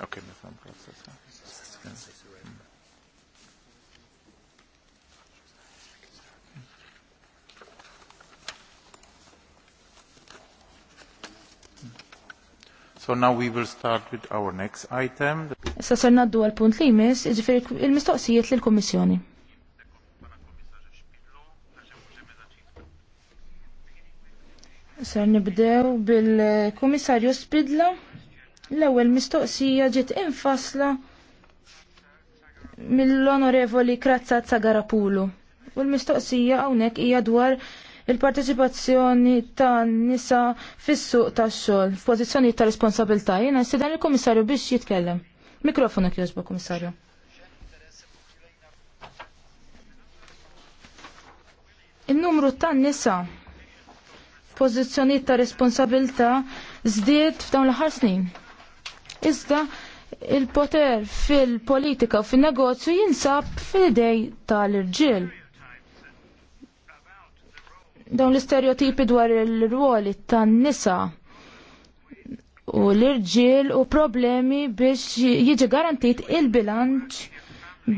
Okay, no problem. Yeah. So now we will start with our next item. Issa ser naddu għal punt li jmiss, iġifieri il-mistoqsijiet li l-Komissjoni. Ser nibdew bil komissarju Spidla L-ewwel mistoqsija ġiet infasla mill-onorevoli Krazza Zagarapulu. U l-mistoqsija hawnhekk hija dwar il-parteċipazzjoni ta' nisa fis-suq tax-xogħol f'pożizzjonijiet ta' responsabilità. Jiena dan il-Kummissarju biex jitkellem. Mikrofonu jogħġba, Kummissarju. Il-numru ta' nisa f'pożizzjonijiet ta' responsabilità żdied f'dawn l-aħħar snin iżda il-poter fil-politika u fil-negozju jinsab fil-idej tal-irġiel. Dawn l-istereotipi dwar il-ruoli tan-nisa u l-irġiel u problemi biex jiġi garantit il-bilanċ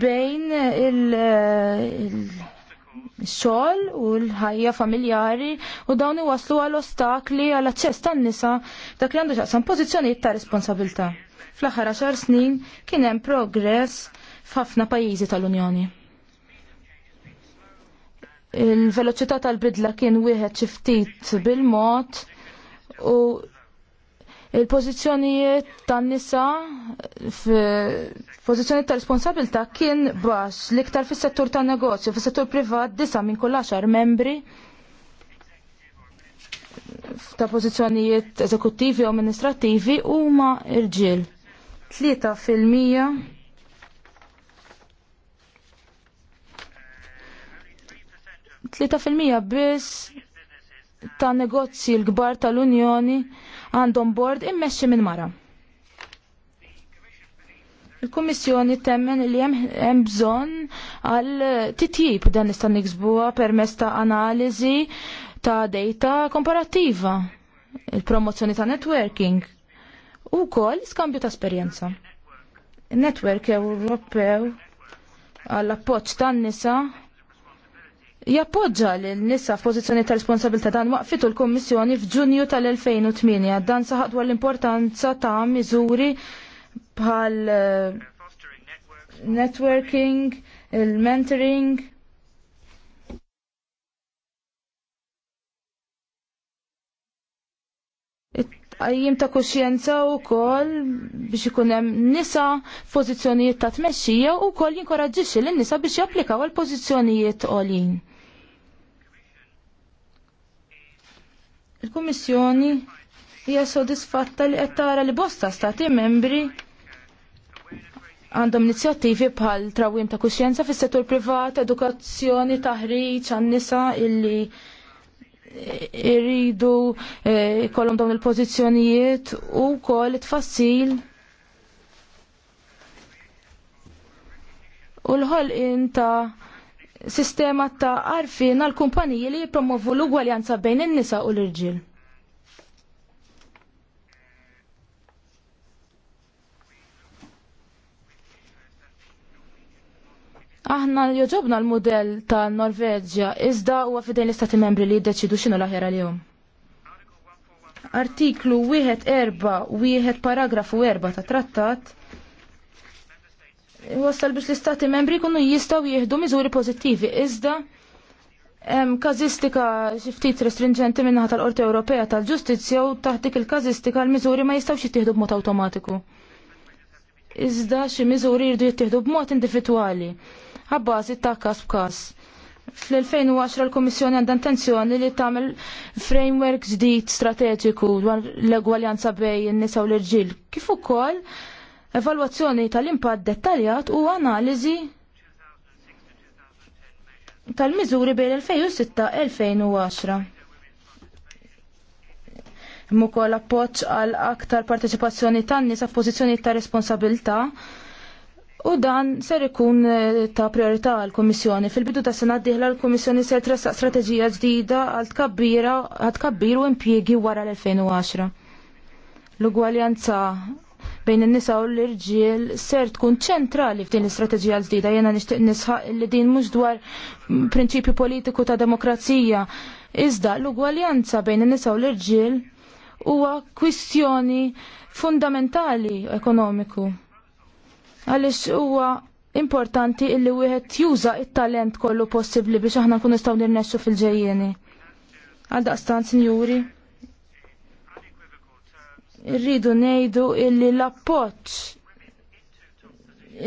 bejn il-, il xogħol u l-ħajja familjari u dawn waslu għal ostakli għal aċċess tan-nisa dak li għandu xaqsam pożizzjonijiet ta' responsabilità. Fl-aħħar għaxar snin kien hemm progress f'ħafna pajjiżi tal-Unjoni. Il-veloċità tal-bidla kien wieħed xi ftit bil-mod u Il-pożizzjonijiet tan-nisa f'pożizzjonijiet ta' responsabilità kien baxx l-iktar fis-settur tan-negozju, fis-settur privat disa' minn kull għaxar membri ta' pożizzjonijiet eżekuttivi u amministrattivi huma irġiel. Tlieta fil-mija Tlieta fil-mija biss ta' negozji l-kbar tal-Unjoni għandhom bord immexxi minn mara. Il-Kummissjoni temmen li hemm bżonn għal titjib dan nista' niksbuha permezz ta' analiżi ta' data komparattiva, il-promozzjoni ta' networking u kol skambju ta' esperjenza. Network Ewropew għall appoġġ tan-nisa Jappoġġa li l-nisa f'pożizzjoni ta' responsabilità dan waqfitu l-Kommissjoni f'Ġunju tal-2008 dan saħaq dwar l-importanza ta' miżuri bħal eh, networking, il-mentoring. Għajjim ta' kuxjenza u kol biex ikunem nisa pozizjonijiet ta' tmexxija u kol jinkoraġġixxi l-nisa biex japplikaw għal pozizjonijiet olin. Il-Kummissjoni hija sodisfatta li qed tara li bosta stati membri għandhom inizjattivi bħal trawim ta' kuxjenza fis settur privat, edukazzjoni, taħriġ għan-nisa illi irridu eh, kollhom dawn il-pożizzjonijiet u wkoll it-tfassil u l-ħolqien ta' sistema ta' arfin għal kumpaniji li jipromovu l-ugwaljanza bejn in-nisa u l-irġiel. Aħna joġobna l-modell ta' Norveġġja, iżda huwa għafidejn l-istati membri li jiddeċidu x'inhu l-aħjar Artiklu 14 paragrafu erba' ta' trattat wassal biex l-istati membri kunu jistaw jihdu miżuri pozittivi. Iżda, kazistika xiftit restringenti minnaħa tal-Qorti Ewropea tal-Ġustizzja u taħtik il-kazistika l-miżuri ma jistawx jittieħdu b'mod awtomatiku. Iżda xi miżuri jridu jittieħdu b'mod individwali, ħabbażi ta' każ b'każ. Fl-2010 l-Komissjoni għandha intenzjoni li tagħmel framework ġdid strateġiku dwar l-egwaljanza bejn in-nisa u l-irġiel. Kif ukoll evalwazzjoni tal-impatt dettaljat u analiżi tal-miżuri bejn 2006-2010. Mu kol appoċ għal aktar partecipazzjoni tan-nisa f'pożizzjoni ta' responsabilta' U dan ser ikun eh, ta' priorità għal komissjoni Fil-bidu ta' sena diħla l-Komissjoni ser tressaq strateġija ġdida għal tkabbira għal kabbir u impjiegi wara l-2010. L-ugwaljanza bejn in-nisa u l-irġiel ser tkun ċentrali f'din l-istrateġija l-ġdida. Jena nixtieq nisħaq li din mhux dwar prinċipju politiku ta' demokrazija. Iżda l-ugwaljanza bejn in-nisa u l-irġiel huwa kwistjoni fundamentali ekonomiku. Għaliex huwa importanti illi wieħed juża it-talent kollu possibbli biex aħna nkunu nistgħu nirnexxu fil-ġejjeni. Għal daqstan, sinjuri. Irridu ngħidu illi l-appoġġ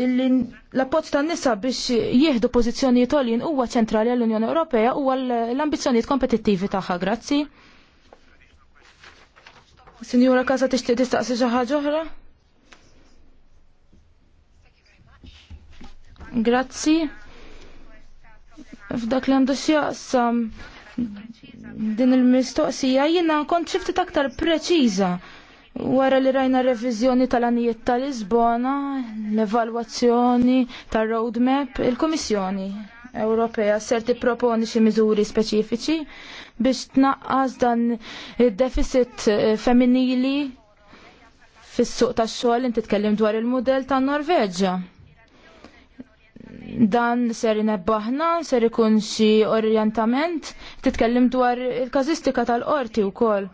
illi l-appoġġ tan-nisa biex jieħdu pożizzjonijiet jitolin huwa ċentrali għall-Unjoni Ewropea huwa l-ambizzjonijiet kompetittivi tagħha, grazzi. Signora Kasa tixtieq tistaqsi xi ħaġa oħra? Grazzi. F'dak li għandu x'jaqsam din il-mistoqsija jiena kont xiftit aktar preċiża Wara li rajna r-reviżjoni tal-anijiet tal-Lisbona, l-evalwazzjoni tal-roadmap, il-Komissjoni Ewropea ser tipproponi xi miżuri speċifiċi biex tnaqqas dan id-deficit eh, femminili fis-suq tax-xogħol inti tkellem dwar il-mudell tan-Norveġġa dan ser inebbaħna, ser ikun xi orjentament, titkellem dwar il-kazistika tal-qorti wkoll.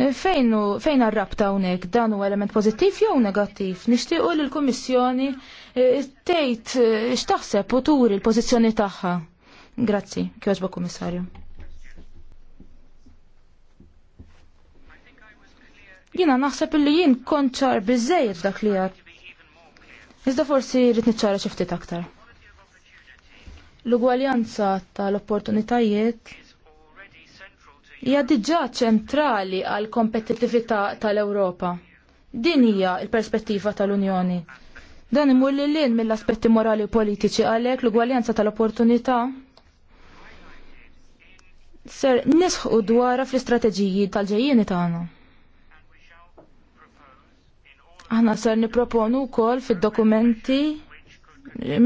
Fejn fejn rabta hawnhekk dan huwa element pożittiv jew negattiv? Nixtiequ li l-Kummissjoni eh, tgħid eh, x'taħseb u turi l-pożizzjoni tagħha. Grazzi, kjożba komissarju. Jina naħseb li jien kont ċar dak li għad. Iżda forsi rrid niċċara xi ftit aktar. L-ugwaljanza tal-opportunitajiet hija diġà ċentrali għal kompetittività tal-Ewropa. Din hija l-perspettiva tal-Unjoni. Dan imur li lin mill-aspetti morali u politiċi għalhekk l-ugwaljanza tal-opportunità ser nisħu dwara fl-istrateġiji tal-ġejjieni tagħna. Aħna ser niproponu wkoll fid-dokumenti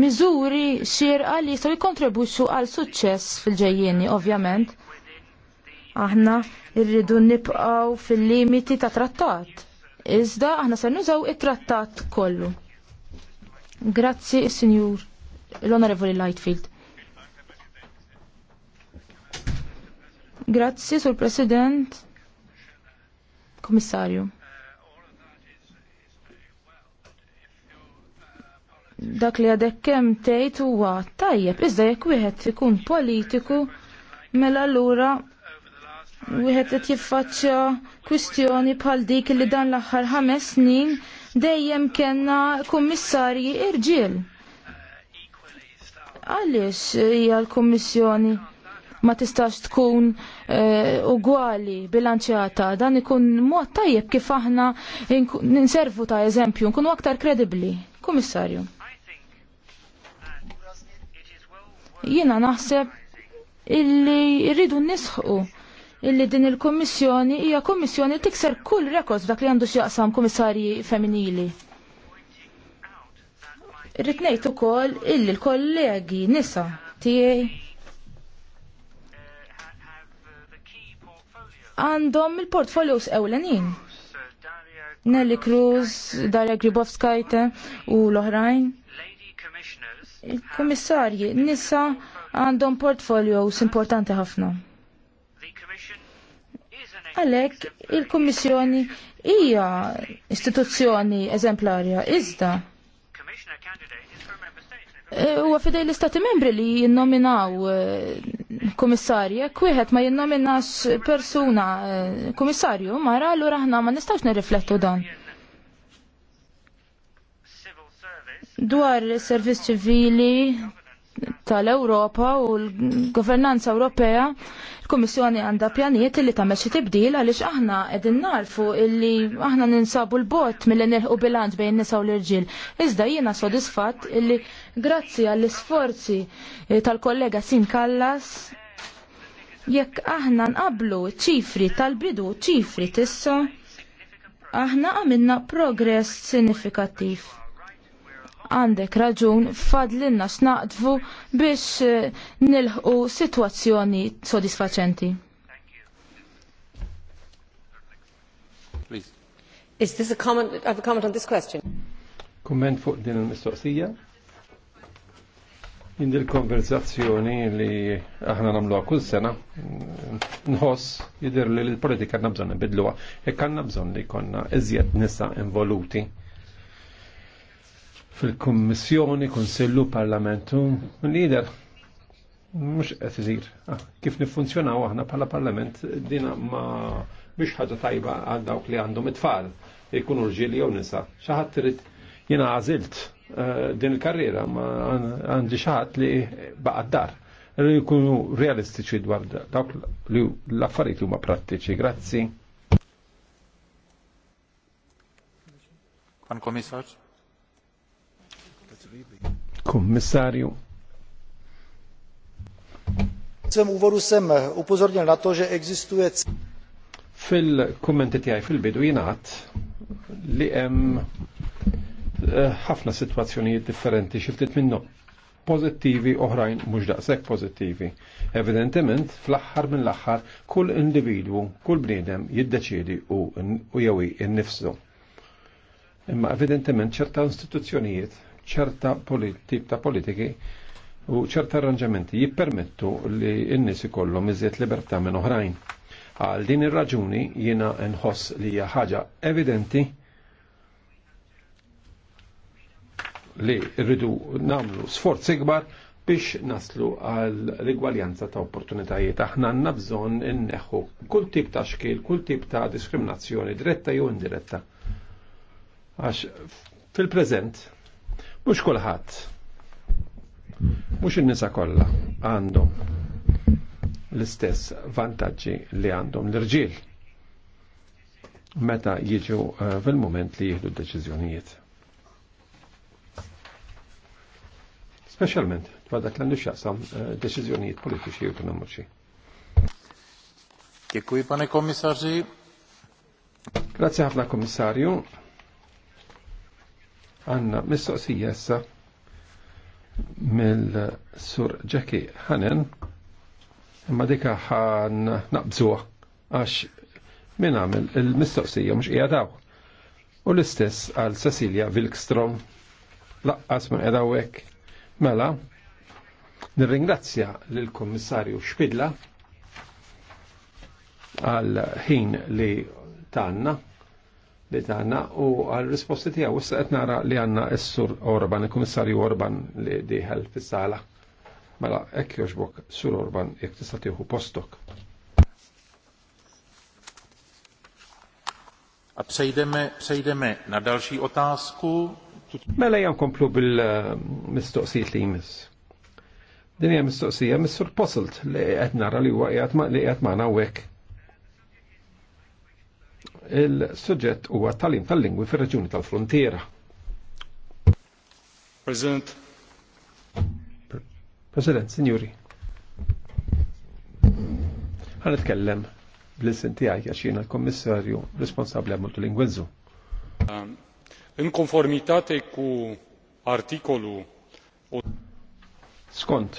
miżuri xierqa li jistgħu jikkontribwixxu għal suċċess fil-ġejjieni, ovvjament. Aħna rridu nibqaw fil-limiti ta' trattat. Iżda aħna se nużaw it-trattat kollu. Grazzi, Sinjur, l-Onorevoli Lightfield. Grazzi, Sur President, Komissarju. dak li għadek kem tejtu huwa tajjeb, iżda jekk wieħed ikun politiku, mela allura wieħed qed jiffaċċja kwistjoni bħal dik li dan l-aħħar ħames snin dejjem kellna kummissarji irġiel. Għaliex hija l-kummissjoni ma tistax tkun eh, ugwali bilanċjata dan ikun mod tajjeb kif aħna ninservu ta' eżempju, nkunu aktar kredibbli. Kummissarju. Jiena naħseb illi rridu nisħu illi din il-kommissjoni hija kommissjoni tikser kull rekords dak li għandu x'jaqsam kommissarji femminili. Irrid ngħid ukoll illi l-kollegi nisa tiegħi għandhom il-portfolios ewlenin. Nelly Cruz, Daria Gribovskajte u l-oħrajn. Il-kommissarji nisa għandhom portfolios importanti ħafna. Għalhekk il-Kummissjoni hija istituzzjoni eżemplarja iżda. Huwa fidej l-Istati membri li jinnominaw eh, komissarja, wieħed ma jinnominax persuna eh, komissarju, mara allura aħna ma nistax nirriflettu dan. Dwar servizz ċivili, tal-Ewropa u l-Governanza Ewropea, il-Kommissjoni għandha pjanijiet li tagħmel xi tibdil għaliex aħna qegħdin narfu illi aħna ninsabu l-bot milli nilħu bilanċ bejn nisa u l-irġiel. Iżda jiena sodisfatt illi grazzi għall-isforzi eh, tal-kollega Sin Kallas jekk aħna nqablu ċifri tal-bidu ċifri tissa aħna għamilna progress sinifikattiv għandek raġun fadlinna x'naqdvu biex eh, nilħu sitwazzjoni sodisfaċenti. Is this a comment, I have a comment on this question? Komment fuq din il-mistoqsija? Din il konverzazzjoni li aħna namluha kull sena nħoss jidher li l-politika għandna bżonn nbidluha, hekk għandna bżonn li konna iżjed nisa involuti fil-Kummissjoni, Konsillu, Parlamentu, l-lider mhux qed iżir. Ah, kif niffunzjonaw aħna bħala Parlament din ma biex ħaġa tajba għal dawk li għandhom it-tfal jkunu rġili jew nisa. Xi trid jiena għażilt eh, din il-karriera ma għandi xi ħadd li baqad dar. Rridu jkunu realistiċi dwar dawk li l-affarijiet huma prattiċi. Grazzi. Pan komisarz? Kummissarju. Sem uvaru sem upozornil na to, že existuje. Fil-kommenti tijaj fil-bidu jinaħt li hemm eh, ħafna uh, situazzjonijiet differenti xiftit minnhom pozittivi oħrajn mhux daqshekk pozittivi. Evidentement, fl-aħħar minn l-aħħar kull individwu, kull bniedem jiddeċiedi u, u jewi innifsu. Imma evidentement ċerta istituzzjonijiet ċerta tip ta' politiki u ċerta arranġamenti jippermettu li n-nies ikollhom iżjed libertà minn oħrajn. Għal din ir-raġuni jiena nħoss li hija ħaġa evidenti li rridu namlu sforzi ikbar biex naslu għal l-igwaljanza ta' opportunitajiet. Aħna għandna bżonn inneħu kull tip ta' xkil, kull tip ta' diskriminazzjoni, diretta jew indiretta. Għax fil preżent Mux kullħat, mux il-nisa kolla għandhom l-istess vantaġġi li għandhom l-irġiel meta jiġu eh, fil-moment li jieħdu d-deċiżjonijiet. Specialment, għadak l-għandu xaqsam eh, deċizjonijiet politiċi autonomiċi. Dziękuję, panie komisarzu. Grazie ħafna, komisarju. Għanna mistoqsija jessa mill-sur Jackie Hanen imma dika ħan naqbżuħ għax min għamil il-mistoqsija mhux qiegħdaw. U l-istess għal Cecilia Wilkstrom laqqas minn qiegħdawek. Mela, nirringrazzja lill-Kummissarju Spidla għal ħin li tanna li tagħna u għal risposti tija u s-saqet nara li għanna s-sur Orban, il komissarju Orban li diħel fis-sala. Mela hekk jogħġbok, sur Orban, jek t tieħu postok. A psejdeme, psejdeme na dalxi otasku? Mela jam komplu bil-mistoqsijiet li jmiss. Din hija mistoqsija mis-sur Posselt li qed nara li huwa qiegħed li qiegħed magħna hawnhekk Il-suġġett huwa tal talim tal-lingwi fir-reġjuni tal-frontiera. President. President, signori. Għan itkellem bl-issin tiegħi għax l-Kommissarju responsabbli għal multilingwiżmu. In um, konformitate ku artikolu Skont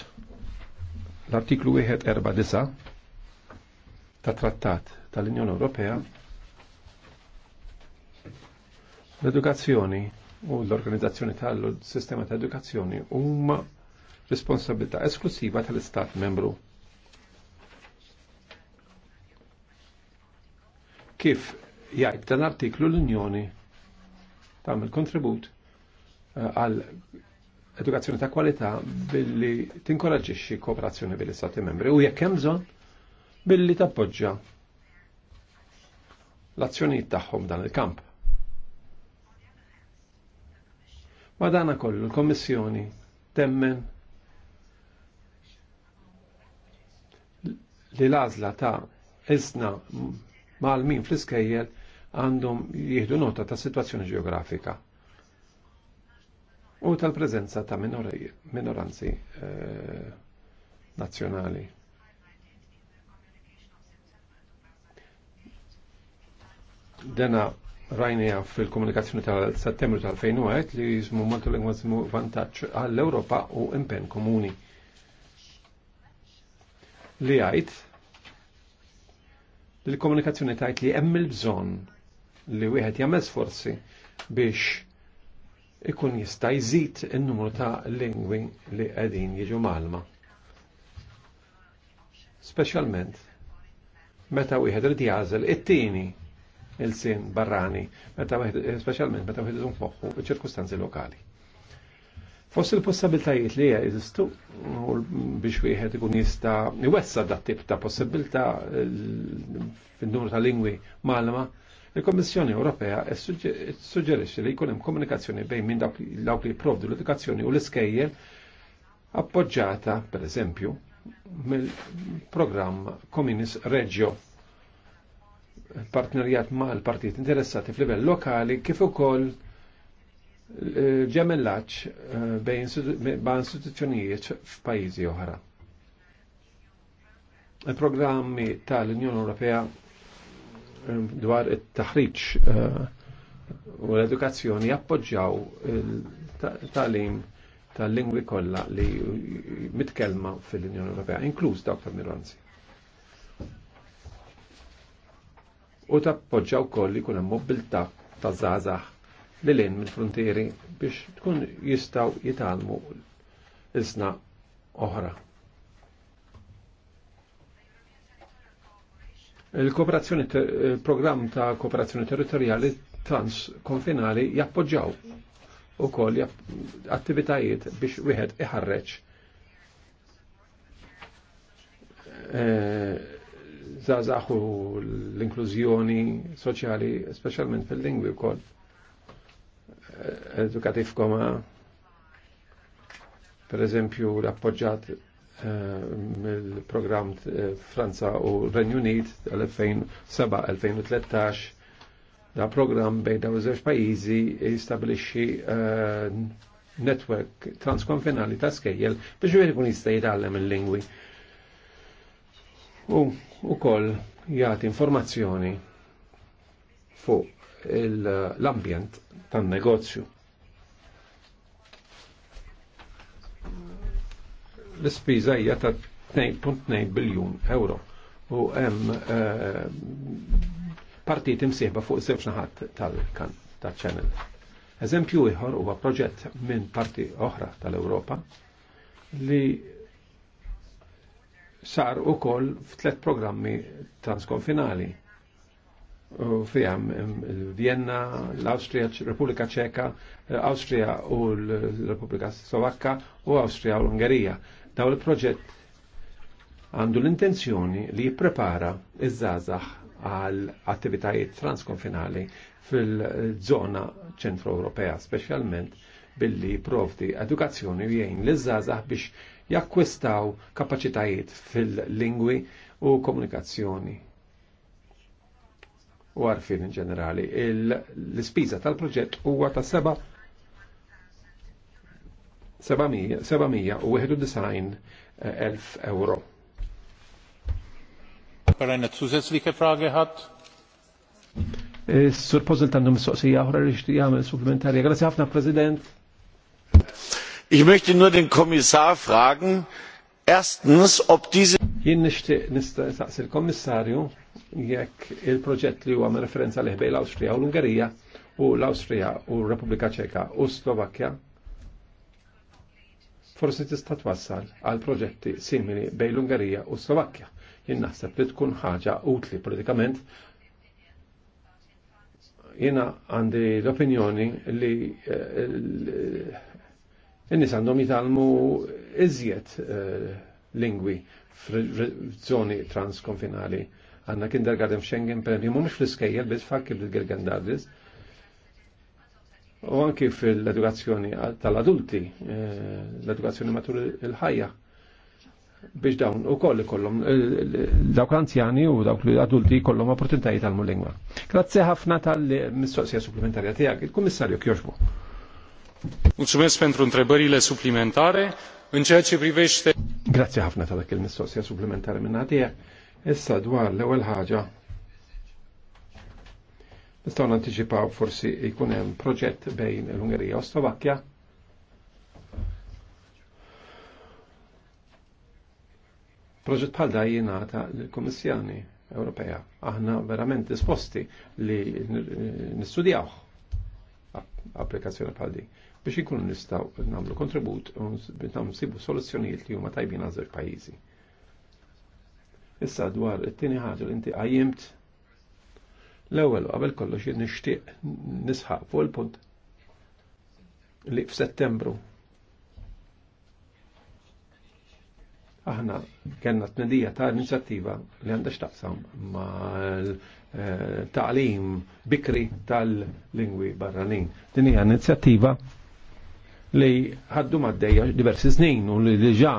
l-artiklu 149 ta' trattat tal-Unjoni Ewropea L-edukazzjoni u l-organizzazzjoni tal-sistema ta' edukazzjoni huma responsabilità esklusiva tal-Istat membru. Kif jgħid dan artiklu l-Unjoni tagħmel kontribut eh, għal edukazzjoni ta' kwalità billi tinkoraġixxi kooperazzjoni bil istati membri u jekk hemm bżonn billi tappoġġja l-azzjonijiet tagħhom dan il-kamp. Madana kollu, l-Kommissjoni temmen li l-azla ta' isna mal-min fl-iskejjel għandhom jihdu nota ta' situazzjoni ġeografika u tal-prezenza ta' minoranzi eh, nazjonali. Dena rajnija fil-komunikazzjoni tal-settembru tal-2001 li jismu maltu lingwazmu vantaċ għall-Europa u impen komuni. Li għajt li l-komunikazzjoni tajt li hemm il-bżon li wieħed jagħmel sforzi biex ikun jista' jżid in-numru ta' lingwi li qegħdin jiġu malma. Speċjalment meta wieħed irid jażel it-tieni il-sin barrani, specialment meta wieħed iżum foħħu ċirkustanzi lokali. Fost il-possibiltajiet li jeżistu biex wieħed ikun jista' iwessa dat tip ta' possibilità eh, fin-numru ta' lingwi malma, il-Kommissjoni Ewropea e e suġġerixxi li jkun hemm komunikazzjoni bejn minn dawk li jipprovdu l-edukazzjoni u l-iskejjel appoġġata, per eżempju, mill-programm Communis Reggio partnerjat mal partijiet interessati f'livell lokali kif ukoll ġemellaċ ba' istituzzjonijiet f'pajjiżi oħra. Il-programmi tal-Unjoni Ewropea dwar it-taħriġ u l-edukazzjoni jappoġġjaw il-talim tal-lingwi kollha li mitkellma fil-Unjoni Ewropea, inkluż dawk tal-Miranzi. u tappoġġa wkoll li jkun hemm mobilità ta' żgħażagħ li lejn mill-frontieri biex tkun jistgħu jitalmu l-sna oħra. Il-kooperazzjoni il-programm ta' kooperazzjoni territorjali transkonfinali jappoġġaw ukoll attivitajiet biex wieħed iħarreġ eh, zazax l-inklużjoni soċjali, specialment fil-lingwi u kod. Edukativ koma, per eżempju, l-appoġġat eh, mill-program eh, Franza u Renju Unit 2007 2013 da program bejn daw żewġ pajjiżi jistabilixxi eh, network transkonfinali ta' skejjel biex wieħed ikun jista' jitgħallem il-lingwi. U u koll jgħati informazzjoni fuq l-ambjent tan negozju L-ispiża hija ta' 2.2 biljun euro u hemm eh, partit imsieħba fuq żewġ naħat tal-kan tal-channel. Eżempju ieħor huwa proġett minn parti oħra tal-Ewropa li sar u koll f'tlet programmi transkonfinali. Fijam Vienna, l-Austria, Repubblika Ċeka, eh, Austria u l-Repubblika Slovakka u Austria u l-Ungerija. Daw il-proġett għandu l-intenzjoni li jipprepara iż-żazax għal attivitajiet transkonfinali fil-zona ċentro Ewropea, specialment billi provdi edukazzjoni u jgħin l-żazax biex jakkwistaw kapaċitajiet fil-lingwi u komunikazzjoni u għarfin in ġenerali. L-ispiża tal-proġett huwa ta' 791.000 eh, euro. Perajna t-suzet li kifragi ħat? Eh, sur Pozil tandu mistoqsija oħra li xti il supplementarja. Grazie ħafna President. Ich möchte nur den Kommissar fragen, erstens, ob diese. Jien nixtieq nistaqsi l-Kommissarju jekk il-proġett li huwa ma' referenza li bejn l-Awstrija u l-Ungerija u l-Awstrija u r-Repubblika Ċeka u Slovakkja forsi tista' twassal għal proġetti simili bejn l-Ungerija u Slovakkja. Jien naħseb li tkun ħaġa utli politikament jiena għandi l-opinjoni li eh, in-nies għandhom jitalmu iżjed eh, lingwi f'żoni transkonfinali. Għanna kindergarten f'Schengen, per esempio, mumiex fl-iskejjel biss fakki fil-Gergandardis. U anki fil-edukazzjoni tal-adulti, eh, l-edukazzjoni matul il-ħajja biex dawn u koll kollom eh, dawk anzjani u dawk l adulti kollom opportunitajiet tal-mulingwa. Grazzi ħafna tal-mistoqsija supplementarja tiegħek, il-Kummissarju Kjoġbu. Grazie ħafna ta' dak il-mistoqsija supplementari minn għadija. Issa dwar l-ewwel ħaġa. Nistgħu nanticipaw forsi jkun hemm proġett bejn l-Ungerija u Slovakkja. Proġett bħal da jingħata l-Kummissjoni Ewropea. Aħna verament disposti li nistudjawh applikazzjoni bħal din biex ikun nistaw namlu kontribut biex namlu sibu soluzzjonijiet li huma tajbin għażewġ pajjiżi. Issa dwar it-tieni ħaġa l inti qajjimt l-ewwel qabel kollox jien nisħaq fuq il-punt li f'Settembru aħna kellna tnedija ta' inizjattiva li għandha x'taqsam mal eh, taqlim bikri tal-lingwi barranin. Din hija inizjattiva li ħaddu maddeja diversi snin u li diġa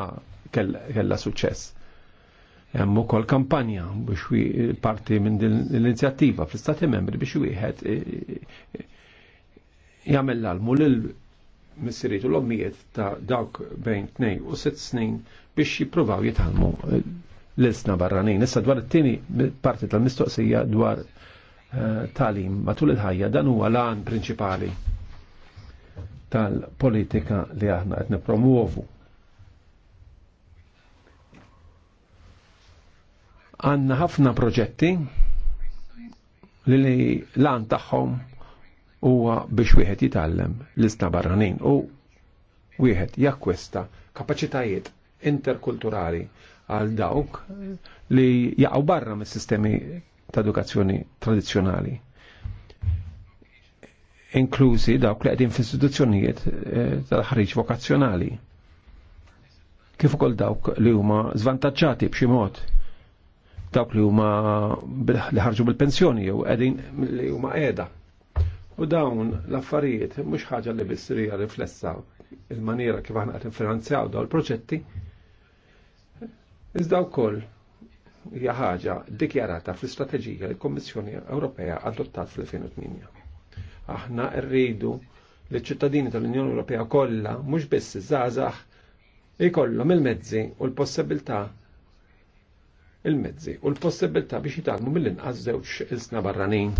kellha suċċess. Hemm ukoll kampanja biex parti minn din l-inizjattiva fl-Istati Membri biex wieħed jagħmel l-almu lil missiriet u l-ommijiet ta' dawk bejn tnejn u sitt snin biex jippruvaw jitħalmu l-isna barranin. Issa dwar it-tieni parti tal-mistoqsija dwar eh, talim matul il-ħajja dan huwa l'an prinċipali tal-politika li aħna qed nipromuovu. Għanna ħafna proġetti li li lan tagħhom huwa biex wieħed jitgħallem l-isna barranin u wieħed jakkwista kapaċitajiet interkulturali għal dawk li jaqgħu barra mis-sistemi ta' edukazzjoni tradizzjonali inklużi dawk li qegħdin fl-istituzzjonijiet eh, tal ħriġ vokazzjonali. Kif ukoll dawk li huma żvantaġġati b'xi mod dawk li huma li ħarġu bil-pensjoni jew qegħdin li huma qiegħda. U dawn l-affarijiet mhux ħaġa li bissirija riflessa il-maniera kif aħna qed infinanzjaw dawn il-proġetti. Iżda wkoll hija ħaġa dikjarata fl-istrateġija li l kummissjoni Ewropea adottat fl-2008. Aħna rridu li ċittadini tal-Unjoni Ewropea kollha mhux biss iż-żgħażagħ ikollhom il-mezzi u l-possibilità il-mezzi u l-possibilità biex jitalmu mill-inqas żewġ il-sna barranin.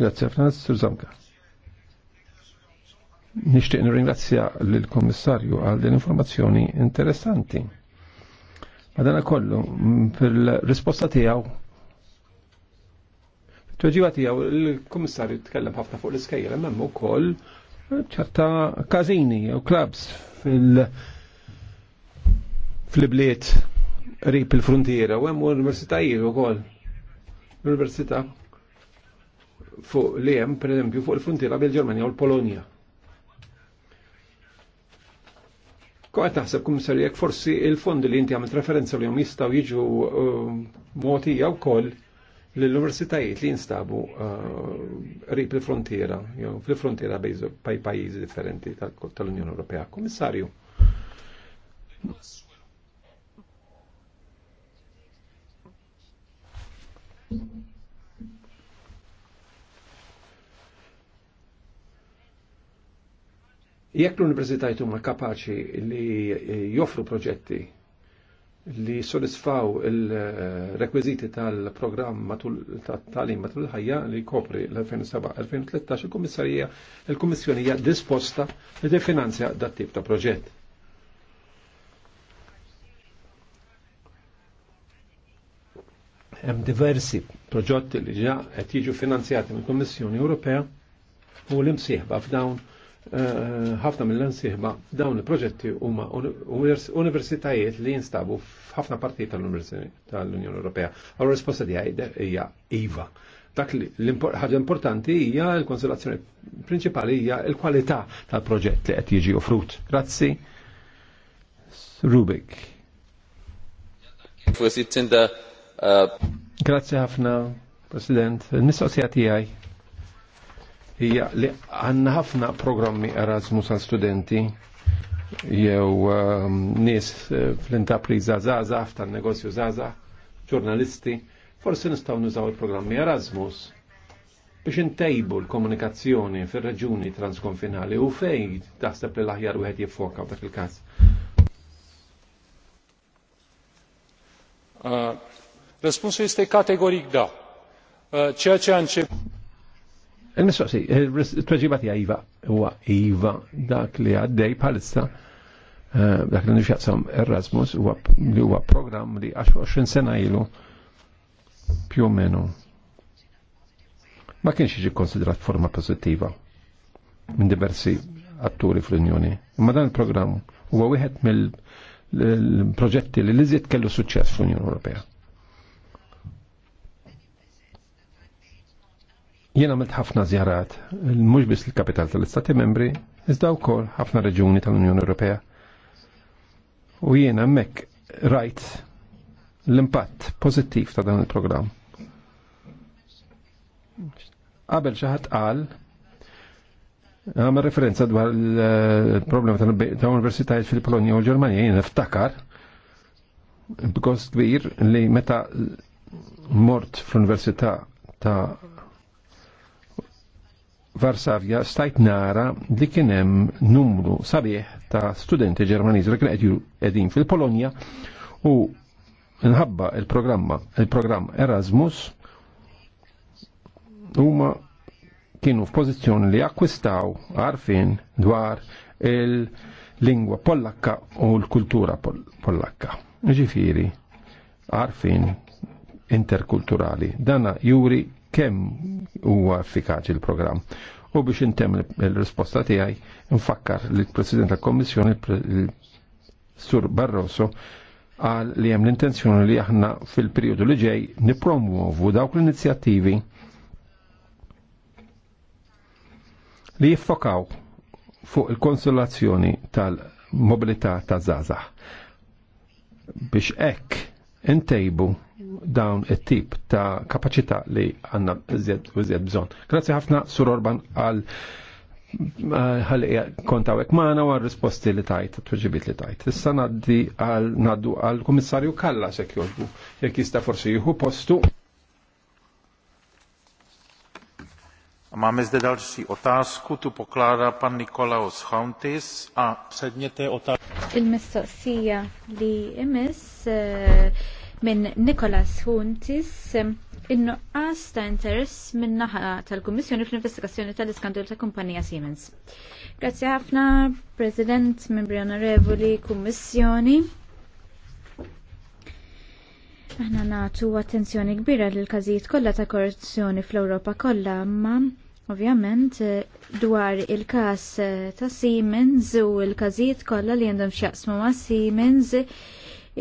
Grazie Franz Surzanka. Nixtieq nirringrazzja l-Kommissarju għal din informazzjoni interessanti. Madana kollu, mm, fil-risposta tiegħu Toġiba tiegħu il kummissarju tkellem ħafna fuq l-iskejjel memmu ukoll ċerta każini u klabs fil fil-bliet rip il-frontiera u l universitajiet ukoll. L-Università fuq li hemm pereżempju fuq il-frontiera bil-Ġermanja u l-Polonja. Kwa taħseb kummissarju jekk forsi il-fondi li inti għamilt referenza li jom jistaw jiġu uh, moti jew koll l-universitajiet li jinstabu uh, rib il-frontiera, jew fil-frontiera bej pajjiżi differenti tal-Unjoni Ewropea. Kommissarju. Jekk l universitajiet huma kapaċi li eh, joffru proġetti li solisfaw il-rekwiziti tal-programm tal-talim matul il-ħajja li kopri l-2007-2013 il-Kommissarija il-Kommissjoni hija disposta li definanzja dat tip ta' proġett. Hemm diversi proġetti li ġa qed jiġu finanzjati mill-Kummissjoni Ewropea u l-imsieħba f'dawn ħafna mill-ansieħba dawn il-proġetti huma universitajiet li jinstabu f'ħafna parti tal-Unjoni Ewropea. Allora risposta di hija IVA. Dak li ħaġa importanti hija l konsolazzjoni prinċipali hija l-kwalità tal-proġett li qed jiġi offrut. Grazzi. Rubik. Eh, Grazie ħafna, President. Nissoċjati tiegħi hija li għanna ħafna programmi Erasmus għal studenti jew um, nies eh, fl-intapriża żgħażagħ tan-negozju żgħażagħ, ġurnalisti, forsi nistaw nużaw il-programmi Erasmus biex intejbu l-komunikazzjoni fil reġuni transkonfinali u fej taħseb li l-aħjar għed jiffoka dak il-każ. Uh, Responsu jistaj kategorik da. Uh, ceea ce a început Il-mistoqsi, eh, il-tweġiba tija Iva, huwa Iva dak li għaddej palissa, eh, dak li nifjazzom Erasmus, li huwa program li 20 sena ilu, più o meno, ma kienx iġi konsiderat forma pozittiva minn diversi atturi fl-Unjoni. Ma dan il program huwa wieħed mill-proġetti li liżiet kellu suċċess fl-Unjoni Ewropea. Jien għamilt ħafna zjarat, mhux biss il-kapital tal-Istati membri, iżda wkoll ħafna reġuni tal-Unjoni Ewropea. U jien hemmhekk rajt l-impatt pożittiv ta' dan il-programm. Qabel xi ħadd qal għamel referenza dwar il-problema ta' universitajiet fil-Polonja u l-Ġermanja jien niftakar because kbir li meta mort fl-Università ta' Varsavja stajt nara li kien hemm numru sabiħ ta' studenti ġermaniż li kien edin fil-Polonja u nħabba il-programma il-programm Erasmus huma kienu f'pożizzjoni li akkwistaw għarfin dwar il-lingwa pollakka u l-kultura pollakka. Ġifiri, għarfin interkulturali. Dana juri kemm huwa effikaċi l programm U biex intem il-risposta tiegħi nfakkar li l-President tal-Kommissjoni Sur Barroso għal li hemm l-intenzjoni li aħna fil periodu li ġej nipromuovu dawk l-inizjattivi li jiffokaw fuq il-konsolazzjoni tal-mobilità ta' zazah biex ek intejbu dawn it-tip ta' kapacità li għanna zjed u zjed bżon. Grazie ħafna Sur Orban għal għal eh, konta għek maħna għal risposti li tajt, tuġibit li tajt. Issa naddi għal naddu għal komissarju Kalla se jolbu, jek jista forsi juhu postu. Máme zde další otázku, tu pokládá pan Nikolaos Hauntis a předmět té otázky. Il-mistoqsija li imis uh, minn Nicholas Huntis in-nuqqas ta' interess minn naħa tal-Kummissjoni fl-investigazzjoni tal-iskandal ta' kumpanija Siemens. Grazzi ħafna, President, membri onorevoli, Kummissjoni. Aħna natu attenzjoni kbira lil każijiet kollha ta' korruzzjoni fl-Ewropa kollha, ma ovvjament eh, dwar il-każ eh, ta' Siemens u l-każijiet kollha li għandhom x'jaqsmu ma' Siemens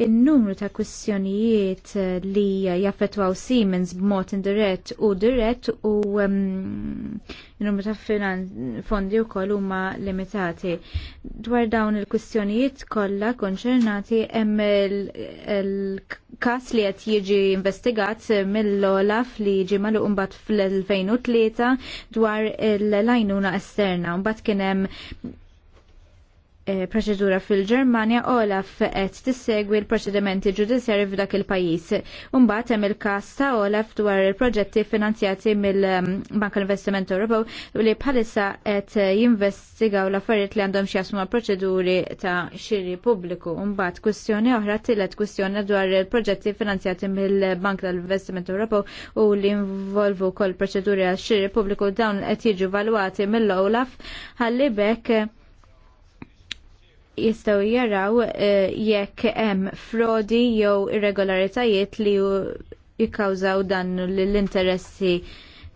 il-numru ta' kwistjonijiet li jaffetwaw Siemens b'mod indirett u dirett u um, il-numru ta' fondi u koll huma limitati. Dwar dawn il-kwistjonijiet kollha konċernati hemm il-kas li qed jiġi investigat mill-Olaf li jiġi malu mbagħad fl-2003 dwar il-lajnuna esterna. Mbagħad kien hemm E, proċedura fil-Ġermanja Olaf qed tissegwi l-proċedimenti ġudizzjari f'dak il-pajjiż. Imbagħad hemm il-każ ta' Olaf dwar il-proġetti finanzjati mill-Bank Investiment Ewropew li bħalissa qed jinvestigaw l-affarijiet li għandhom x'jasmu proċeduri ta' xiri pubbliku. Imbagħad kwistjoni oħra tilet kwistjoni dwar il-proġetti finanzjati mill-Bank tal-Investiment Ewropew u li involvu wkoll proċeduri għal xiri pubbliku dawn qed jiġu valwati mill-Olaf ħalli bekk jistgħu jaraw eh, jekk hemm frodi jew irregolaritajiet li jikkawżaw dan l-interessi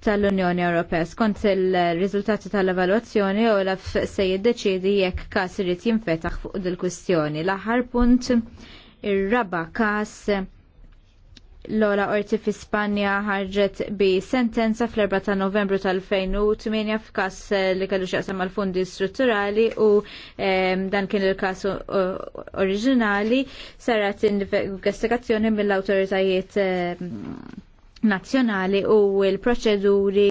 tal-Unjoni Ewropea. Skont il-riżultati tal-evalwazzjoni Olaf se jiddeċiedi jekk każ irid jinfetaħ fuq dil-kwistjoni. L-aħħar punt ir-raba każ Lola Orti fi Spanja ħarġet bi sentenza fl-4 ta' novembru tal-2008 f'kas li kellu xaqsam mal fondi strutturali u ehm, dan kien il-kas oriġinali sarat investigazzjoni mill-autoritajiet ehm, nazzjonali u l-proċeduri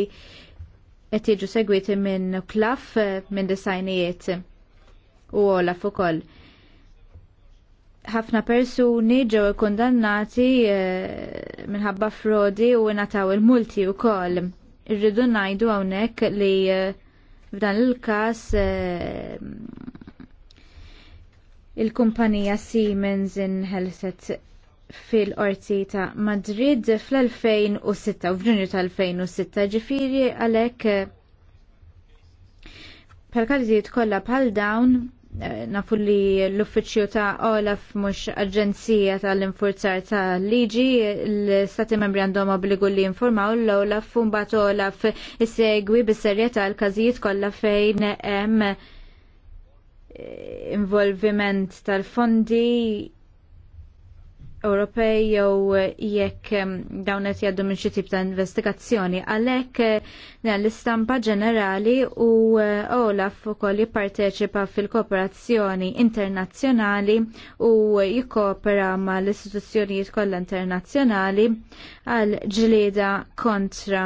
qed jiġu segwiti minn klaf minn disajnijiet u Olaf ukoll. koll ħafna persuni ġew kondannati eh, minħabba frodi u nataw il-multi u koll. Irridu najdu għawnek li eh, f'dan il-kas eh, il-kumpanija Siemens inħelset fil-qorti ta' Madrid fl-2006 u f'ġunju tal-2006 ġifiri għalek pal kalizijiet kollha pal dawn nafu li l-uffiċju ta' Olaf mhux aġenzija tal-infurzar ta' liġi, l-stati membri għandhom obbligu li informaw l-Olaf fumbat bat Olaf isegwi bis-serjetà l-każijiet kollha fejn hemm involviment tal-fondi Ewropej jew jekk dawn qed jgħaddu minn xi tip ta' investigazzjoni. Għalhekk eh, l-istampa ġenerali u eh, Olaf ukoll jipparteċipa fil-kooperazzjoni internazzjonali u jikkopera mal istituzzjonijiet kollha internazzjonali għal ġlieda kontra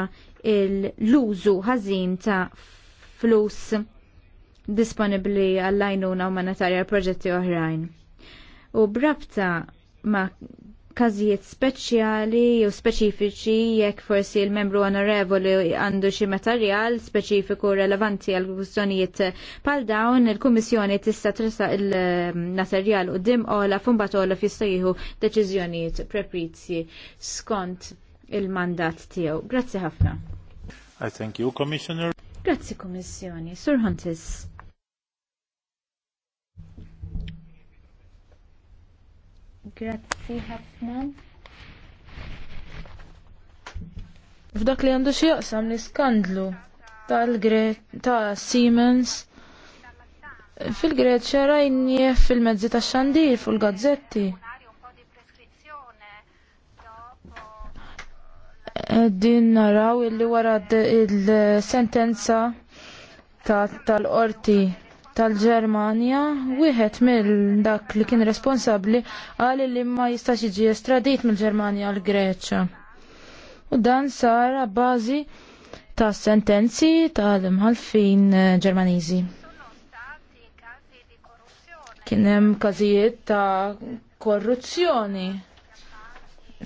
l-użu ħażin ta' flus disponibbli għall-għajnuna umanitarja proġetti oħrajn. U brabta ma' kazijiet speċjali u speċifiċi jekk forsi il-membru onorevoli għandu xi materjal speċifiku relevanti għal kwistjonijiet pal dawn il-Kummissjoni tista' tresa il-materjal u dim ola fumbat ola jista' jieħu deċiżjonijiet preprizji skont il-mandat tiegħu. Grazzi ħafna. I thank you, Commissioner. Grazzi Kummissjoni. Sur Huntis. Grazzi ħafna. F'dak li għandu xieqsam l-iskandlu ta' Siemens fil-Greċja rajnie fil-mezzi ta' xandir fuq il-gazzetti. Din naraw il-li wara il-sentenza tal-qorti tal-Ġermanja, wieħed mill dak li kien responsabbli għal li ma jistax jiġi estradit mill-Ġermanja għal greċja U dan sar bażi ta' sentenzi tal-imħalfin eh, Ġermaniżi. Kien hemm każijiet ta' korruzzjoni.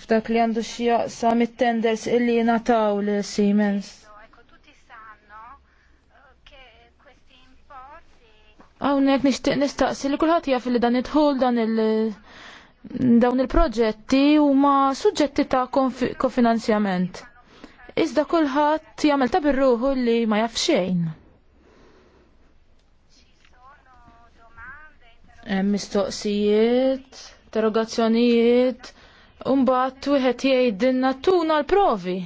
F'dak li għandu xi jaqsam it-tenders illi nataw l Siemens Hawnhekk nixtieq nistaqsi li kulħadd jaf li dan idħul dan il- dawn il-proġetti huma suġġetti ta' kofinanzjament. Iżda kulħadd jagħmel ta' birruħu li ma jaf xejn. Mistoqsijiet, interrogazzjonijiet, Umbat wieħed jgħidilna tuna l-provi.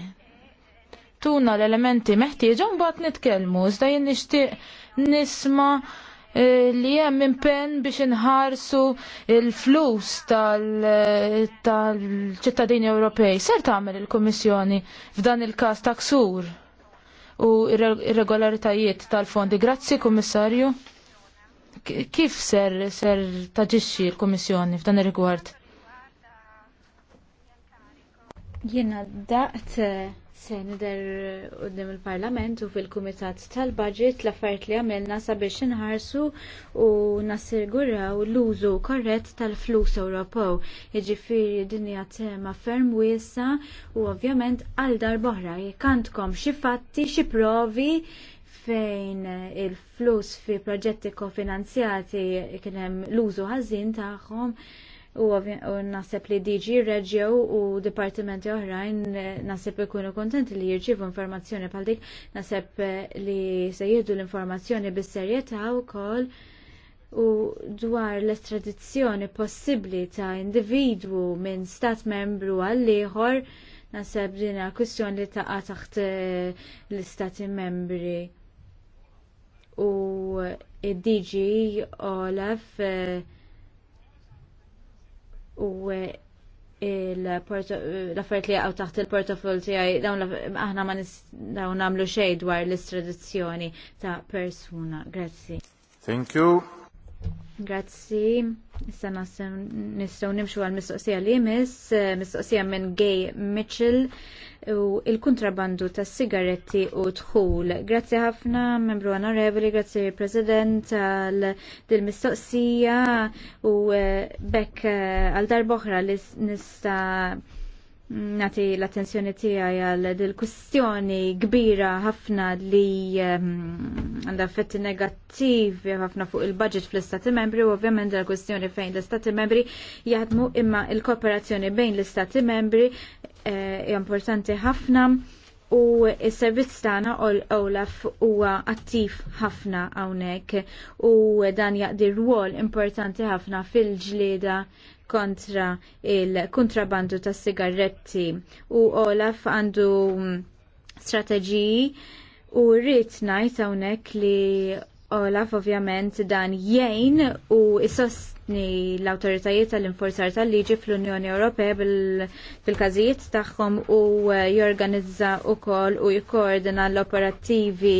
Tuna l-elementi meħtieġa mbagħad nitkellmu, iżda jien nixtieq nisma' Eh, li hemm impenn biex inħarsu il-flus tal-ċittadini Ewropej. Ser tagħmel il-Kummissjoni f'dan il-każ ta' ksur u irregolaritajiet tal-fondi. Grazzi, Komissarju. Kif ser, ser taġixxi l-Kummissjoni f'dan ir-rigward? Jiena daqt eh, Senator u il-Parlament u fil-Kumitat tal-Budget l-affarijiet li għamilna sabiex inħarsu u nassiguraw l-użu korrett tal-flus Ewropew. Jiġifieri din hija tema ferm wiesa u ovvjament għal darb'oħra jekk għandkom xi fatti, xi provi fejn il-flus fi proġetti kofinanzjati kien hemm l-użu ħażin tagħhom u naħseb li DG Reġio u dipartimenti oħrajn eh, naħseb ikunu kontenti li jirċivu informazzjoni bħal dik naħseb eh, li se jirdu l-informazzjoni bis-serjetà wkoll u dwar l-estradizzjoni possibbli ta' individwu minn stat membru għal ieħor naħseb din kwistjoni li taqa' taħt eh, l-istati membri u id-DG Olaf u eh, l affert li għaw taħt il-portofol tiegħi dawn aħna ma nistgħu nagħmlu xejn dwar l-istradizzjoni ta' persuna. Grazzi. Thank you. Grazzi, issa nistgħu nimxu għal mistoqsija li jmiss, eh, mistoqsija minn Gay Mitchell u il-kontrabandu tas sigaretti u tħul. Grazzi ħafna, membru onorevoli, grazzi President għal dil mistoqsija u eh, bekk eh, għal darboħra li nista' nati l-attenzjoni tiegħi għal dil-kustjoni kbira ħafna li ehm, għandha effetti negattivi ħafna fuq il-budget fl-Istati Membri u ovvjament dal-kustjoni fejn l-Istati Membri jaħdmu imma il-kooperazzjoni bejn l-Istati Membri eh, hija importanti ħafna u s-servizz tagħna Olaf huwa attiv ħafna hawnhekk u dan jaqdi rwol importanti ħafna fil-ġlieda kontra il-kontrabandu ta' sigaretti u Olaf għandu mm, strateġiji u rrit ngħid hawnhekk li Olaf ovvjament dan jgħin u isost ni l-autoritajiet tal inforzar tal-liġi fl-Unjoni Ewropea bil-każijiet tagħhom u eh, jorganizza wkoll u jikkoordina l-operattivi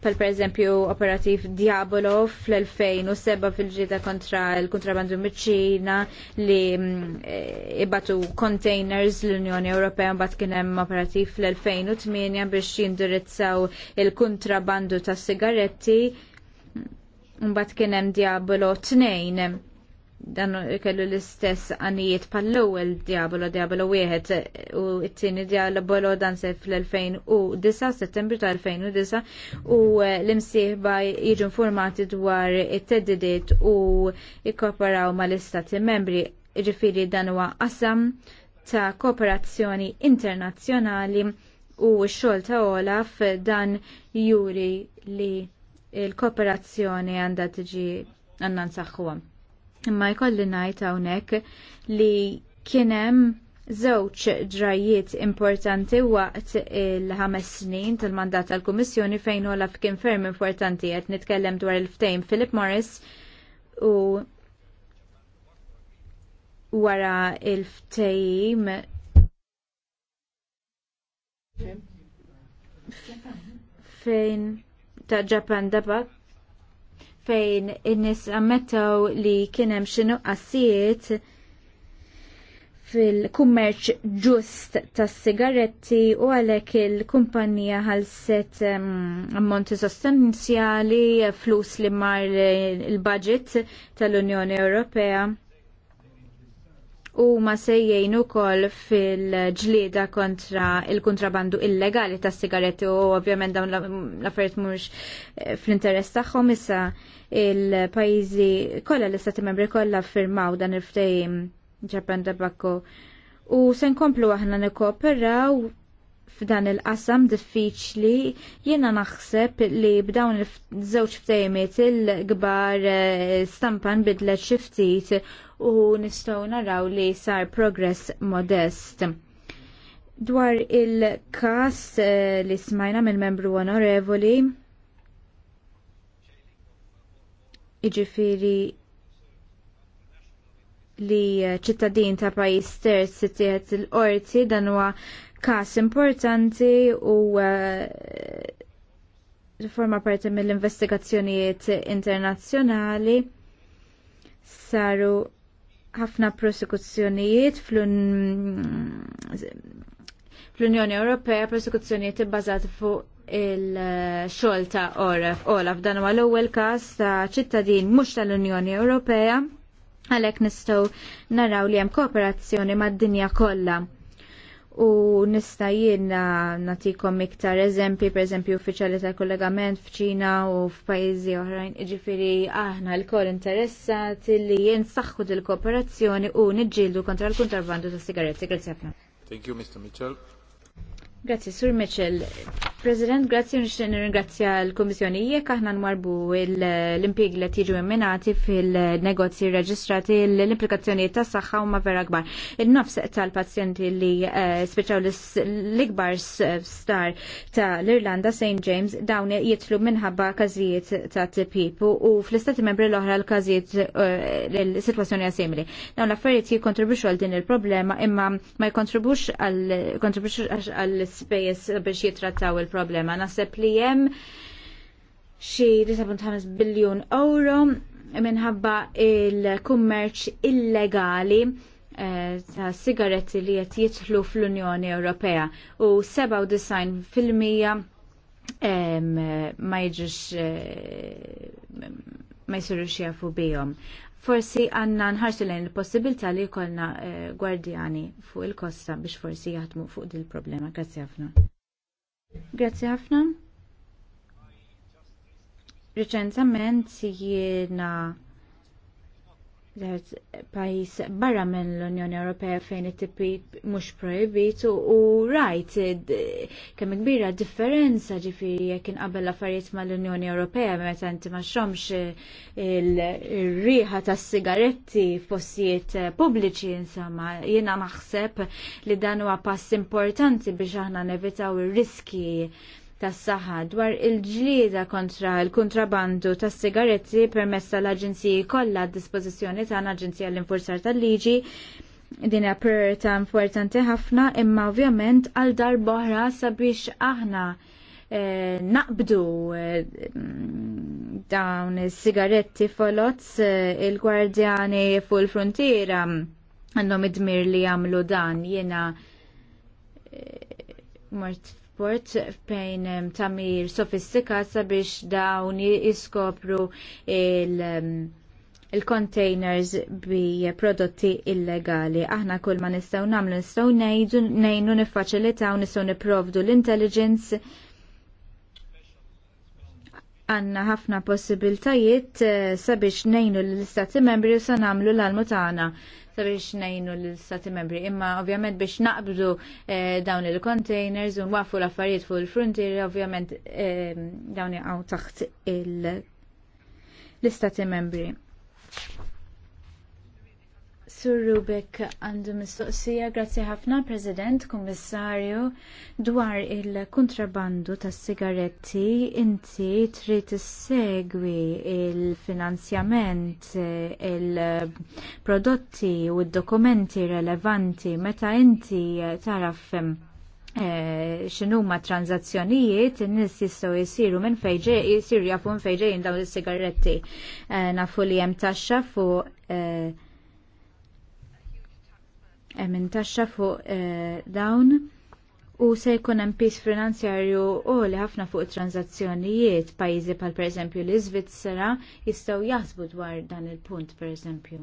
pal pereżempju operattiv Diabolo fl-2007 fil-ġita kontra l-kontrabandu miċ-Ċina li mm, eh, ibatu containers l-Unjoni Ewropea mbagħad kien hemm operattiv fl-2008 biex jindirizzaw il-kontrabandu tas sigaretti Mbagħad kien hemm Diabolo 2 dan kellu l-istess għanijiet pal-ewwel Diabolo Diabolo wieħed u t-tieni Diabolo dan se fl-2009 Settembru ta' 2009 u l-imsieħba jiġu informati dwar it-teddidiet u jikkoperaw mal-istati membri ġifiri dan huwa qasam ta' kooperazzjoni internazzjonali u x-xogħol ta' Olaf dan juri li l-kooperazzjoni għandha tiġi għannan nsaħħuha. Imma jkolli ngħid hawnhekk li kien hemm żewġ drajiet importanti waqt il-ħames snin tal-mandat tal-Kummissjoni fejn Olaf kien ferm importanti qed nitkellem dwar il ftejm Philip Morris u wara il-ftejm fejn ta' Japan Dabak fejn innis ammettaw li kien hemm xi fil-kummerċ ġust tas sigaretti u għalhekk il-kumpanija ħalset ehm, ammonti sostanzjali flus li mar il-budget tal-Unjoni Ewropea u ma sejjejn ukoll fil-ġlieda kontra il-kontrabandu illegali tas sigaretti u ovvjament dawn l-affarijiet mhux eh, fl-interess tagħhom issa il-pajjiżi kollha l-istati membri kollha firmaw dan il-ftehim Japan Tobacco u se nkomplu aħna nikkooperaw f'dan il-qasam diffiċli jiena naħseb li b'dawn iż żewġ ftejmiet il kbar eh, stampan bidlet xi ftit u nistgħu naraw li sar progress modest. Dwar il-kas eh, li smajna mill-membru onorevoli, iġifiri li ċittadin ta' pajis terzi sittieħed il qorti dan huwa kas importanti u eh, forma parti mill-investigazzjonijiet internazzjonali saru ħafna prosekuzzjonijiet fl-Unjoni Ewropea, prosekuzzjonijiet ibbażati fuq il-xogħol ta' Oref. Olaf dan huwa l-ewwel każ ta' ċittadin mhux tal-Unjoni Ewropea għalhekk nistgħu naraw li hemm kooperazzjoni mad-dinja kollha u nista jiena natikom iktar eżempi, per eżempju, uffiċjali ta' kollegament f'Ċina u f'pajjiżi oħrajn. jiġifieri aħna l-kol interessati li jinsaħħu dil-kooperazzjoni u niġġieldu kontra l-kontrabandu ta' sigaretti. Grazie ħafna. Thank you, Mr. Mitchell. Grazzi, Sur Mitchell. President, grazzi nixtieq nirringrazzja l-Kummissjoni Jek aħna nwarbu l impieg li tiġu imminati fil-negozji reġistrati l-implikazzjonijiet tas saħħa huma vera kbar. Il-nofs tal-pazjenti li eh, speċaw l-ikbar star ta' l-Irlanda St. James dawn jitlu minħabba każijiet ta' tipipu u fl-istati membri l-oħra l-każijiet eh, l-sitwazzjoni għasimli. Dawn l-affarijiet jikkontribwixxu għal din il-problema imma ma jkontribwux għal l-ispejjeż biex jitrattaw il-problema. Naħseb li hemm xi 9.5 biljun euro minħabba il-kummerċ illegali eh, ta' sigaretti li qed jidħlu fl-Unjoni Ewropea u 97 fil-mija ma jiġux eh, ma jisirux jafu bihom forsi għanna nħarsu lejn il-possibilità li jkollna eh, gwardjani fuq il-kosta biex forsi jaħdmu fuq dil problema Grazzi ħafna. Grazzi ħafna. Reċentament jiena pajis barra minn l-Unjoni Ewropea fejn it tipi mhux projbit u rajt kemm kbira differenza ġifieri jekk inqabel l-affarijiet mal-Unjoni Ewropea meta inti ma xomx ir-riħa tas-sigaretti f'postijiet pubbliċi insomma jiena naħseb li dan huwa pass importanti biex aħna nevitaw ir-riski tas-saħħa dwar il-ġlieda kontra l-kontrabandu tas-sigaretti permessa tal-Aġenziji kollha d-dispożizzjoni tagħna Aġenzija l-Infurzar tal-Liġi din priorità importanti ħafna imma ovvjament għal dar boħra sabiex aħna eh, naqbdu eh, dawn is-sigaretti folots eh, il-gwardjani fuq il-frontiera għandhom id-dmir li jagħmlu dan jiena eh, mort rapport fejn tamir sofistikat sabiex dawn jiskopru il- il-containers bi prodotti illegali. Aħna kull ma nistaw namlu nistaw nejnu nifaċilitaw nistaw niprovdu l-intelligence għanna ħafna possibiltajiet eh, sabiex nejnu l-istati membri u sanamlu l-almu tagħna sabiex ngħinu l-stati membri. Imma ovvjament biex naqbdu eh, dawn il-containers u nwaqfu l-affarijiet fuq il-frontier, ovvjament eh, dawn jaqgħu taħt l-istati membri. Sur Rubik għandu mistoqsija, grazzi ħafna President, Kommissarju. dwar il-kontrabandu tas sigaretti inti trid segwi il-finanzjament, il-prodotti u d-dokumenti relevanti meta inti taraf eh, xinu ma tranzazzjonijiet n-nis jistaw jisiru minn fejġe, jisiru jafu minn fejġe jindaw l-sigaretti. Eh, nafu li jem taxxa fu eh, Eh, minn taxxa fuq eh, dawn u se jkun hemm pis finanzjarju u li ħafna fuq it tranzazzjonijiet pajjiżi bħal pereżempju l-Iżvizzera jistgħu jaħsbu dwar dan il-punt pereżempju.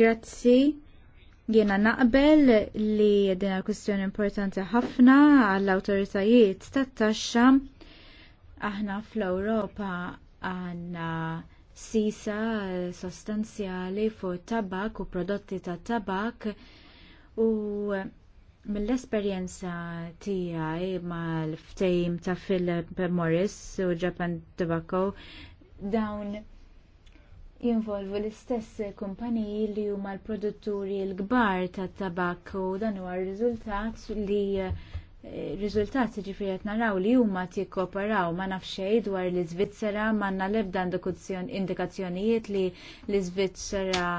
Grazzi. Jiena naqbel li din kwistjoni importanti ħafna għall awtoritajiet tat-taxxa aħna fl-Ewropa għandna sisa sostanzjali fuq tabak u prodotti ta' tabak u mill-esperjenza tiegħi mal-ftejim ta' Philip Morris u Japan Tobacco dawn jinvolvu l-istess kumpaniji li huma l-produtturi l-kbar tat tabak u dan huwa r-riżultat li riżultati ġifri qed naraw li huma kooperaw ma nafx xejn dwar l-Iżvizzera manna l-ebda indikazzjonijiet li l-Iżvizzera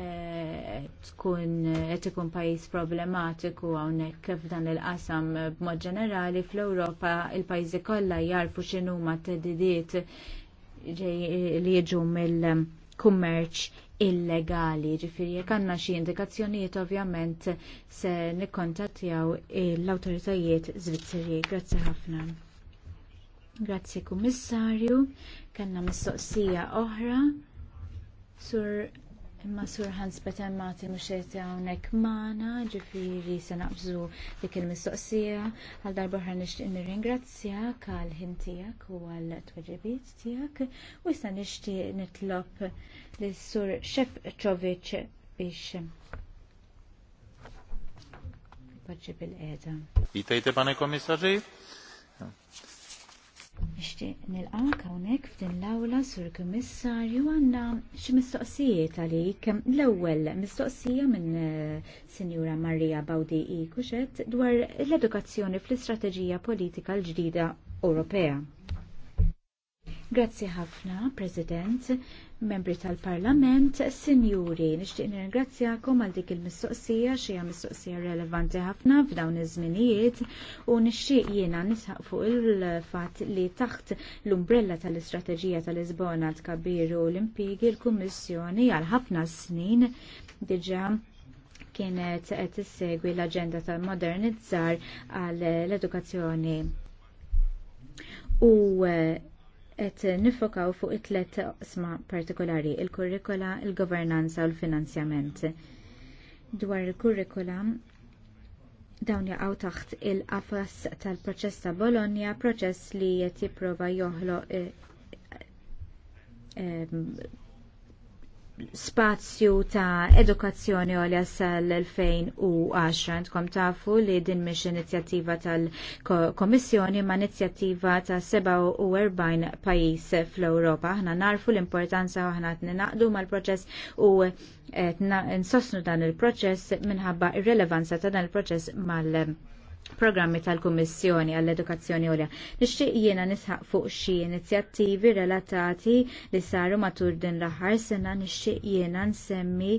eh, tkun qed ikun pajjiż problematiku hawnhekk kif dan il-qasam b'mod ġenerali fl-Ewropa il-pajjiżi kollha jarfu x'inhuma t-tedidiet li jiġu mill- kummerċ illegali. Ġifiri, jek għanna xie indikazzjonijiet ovvjament se nikkontattjaw l-autoritajiet Zvizzeri. Grazzi ħafna. Grazzi kummissarju, kanna mistoqsija oħra sur Imma Sur Hans Peter Mati muxet hawnhekk maħna ġifiri se naqbżu dik il-mistoqsija għal darba ħar nixtieq nirringrazzjak għal ħin tiegħek u għal tweġibiet tiegħek u issa nixtieq nitlob lis Sur Shefcovic biex Jitajte panie komisarzu. Nixtieq nilqak hawnhekk f'din l-awla sur kummissarju għandna xi mistoqsijiet għalik. L-ewwel mistoqsija minn eh, Sinjura Maria Bawdi Kuxet dwar l-edukazzjoni fl-istrateġija politika l-ġdida Ewropea. Grazzi ħafna, President membri tal-Parlament, sinjuri, nixtieq nirringrazzjakom għal dik il-mistoqsija xi hija mistoqsija relevanti ħafna f'dawn iż-żminijiet u nixtieq jiena nisħaq fuq il-fatt li taħt l-umbrella tal-istrateġija tal-Lisbona tkabbir u l-impjigi l-Kummissjoni għal ħafna snin diġà kienet qed issegwi l-aġenda tal-modernizzar għall edukazzjoni u eh, qed nifokaw fuq it-tlet qsma partikolari il-kurrikula, il-governanza u l-finanzjament. Dwar il-kurrikula dawn jaqgħu taħt il-qafas tal-proċess ta' Bologna, proċess li qed jipprova joħloq eh, eh, spazju ta' edukazzjoni għolja sal-2010. kom tafu li din miex inizjattiva tal-Komissjoni ma' inizjattiva ta' 47 pajis fl-Europa. Aħna narfu l-importanza aħna t-ninaqdu mal-proċess u nsostnu dan il-proċess minħabba ir-relevanza ta' dan il-proċess mal- programmi tal-Kummissjoni għall-Edukazzjoni Olja. Nixtieq jiena nisħaq fuq xi inizjattivi relatati li saru matul din l-aħħar sena nixtieq jiena nsemmi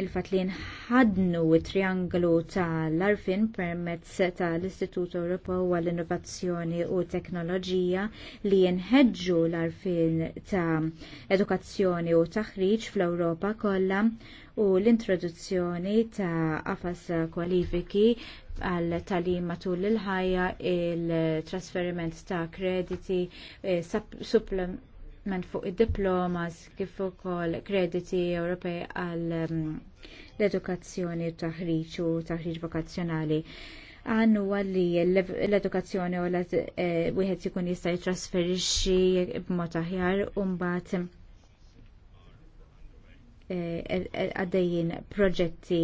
il-fat li nħadnu triangolu tal-arfin permezz tal-Istitut Ewropew għall-Innovazzjoni u Teknoloġija li nħeġġu l-arfin ta' edukazzjoni u taħriġ fl-Ewropa kollha u l-introduzzjoni ta' afas kwalifiki għal talim matul il-ħajja il-trasferiment ta' krediti, eh, supplement development fuq id-diplomas kif ukoll krediti Ewropej għal um, l-edukazzjoni u taħriġ u taħriġ vokazzjonali. Għannu għalli l-edukazzjoni u l-wieħed eh, jkun jista' jitrasferixxi b'mod aħjar u mbagħad eh, għaddejjin proġetti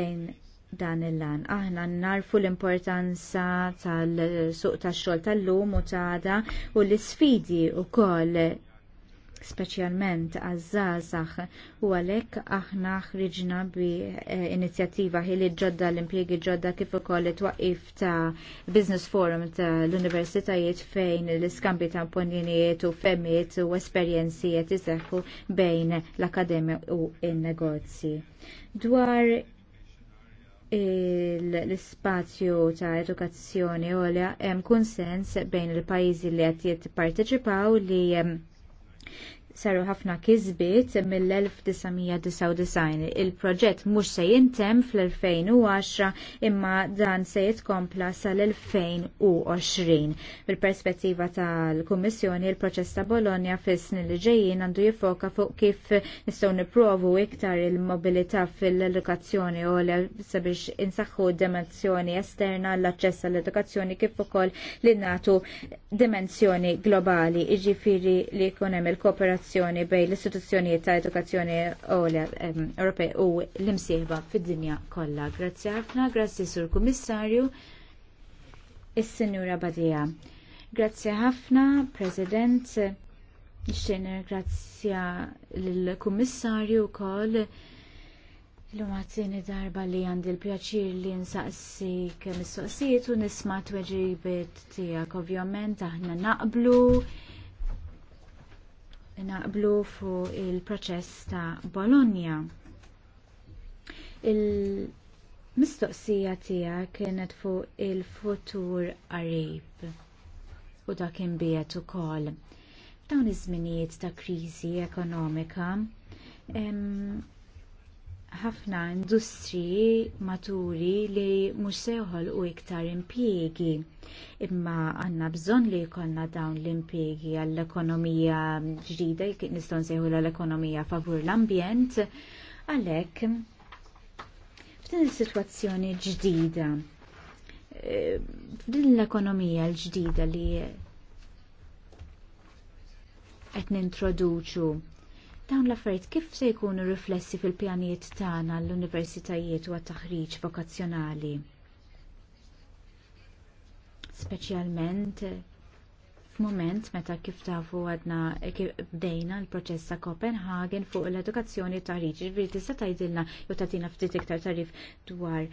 lejn dan il-lan. Aħna narfu l-importanza tal-suq tax-xogħol tal-lum u ta' u l isfidi wkoll speċjalment għaż għazzazax u għalhekk aħna ħriġna bi eh, inizjattiva ħili ġodda l impiegi ġodda kif ukoll it waqif ta' Business Forum ta' l-Universitajiet fejn l-iskambi ta' opinjonijiet u femmiet u esperienzijiet qed iseħħu bejn l-akademja u n-negozji. Dwar l-ispazju ta' edukazzjoni għolja hemm kunsens bejn il-pajjiżi li qed jipparteċipaw li hemm saru ħafna kisbiet mill-1999. Il-proġett mhux se jintem fl-2010 imma dan se jitkompla sal-2020. Bil-perspettiva tal-Kummissjoni, il-proċess ta' Bologna fis-snin li ġejjin għandu jifoka fuq kif nistgħu nipprovu iktar il-mobilità fil-edukazzjoni u sabiex insaħħu dimensjoni esterna l-aċċess għall-edukazzjoni kif ukoll li nagħtu dimensjoni globali, jiġifieri li jkun hemm il-kooperazzjoni kooperazzjoni bejn l-istituzzjonijiet ta' edukazzjoni Ewropej u l-imsieħba fid-dinja kollha. Grazzi ħafna, grazzi sur Kummissarju, is-Sinjura Badija. Grazzi ħafna, President, xejn grazzja lill-Kummissarju wkoll. L-umazzini darba li għandi l-pjaċir li nsaqsi mistoqsijiet soqsijiet u nisma' t tweġibiet tiegħek ovvjament aħna naqblu naqblu fuq il-proċess ta' Bologna. Il-mistoqsija tija kienet fuq il-futur qarib u dak imbiet ukoll. Dawn iż-żminijiet ta' kriżi ekonomika ħafna industriji maturi li mhux se joħolqu iktar impjiegi. Imma għandna bżonn li jkollna dawn l-impjiegi għall-ekonomija ġdida, nistgħu nsejħu l-ekonomija favur l-ambjent, għalhekk f'din is-sitwazzjoni ġdida eh, f'din l-ekonomija l-ġdida li qed nintroduċu Dawn l-affarijiet kif se jkunu riflessi fil-pjanijiet tagħna l-universitajiet u għat-taħriġ vokazzjonali? Speċjalment f'mument meta kif tafu għadna bdejna l-proċess ta' Copenhagen fuq l-edukazzjoni taħriġ, ġifieri tista' tgħidilna jew tagħtina ftit iktar tarif dwar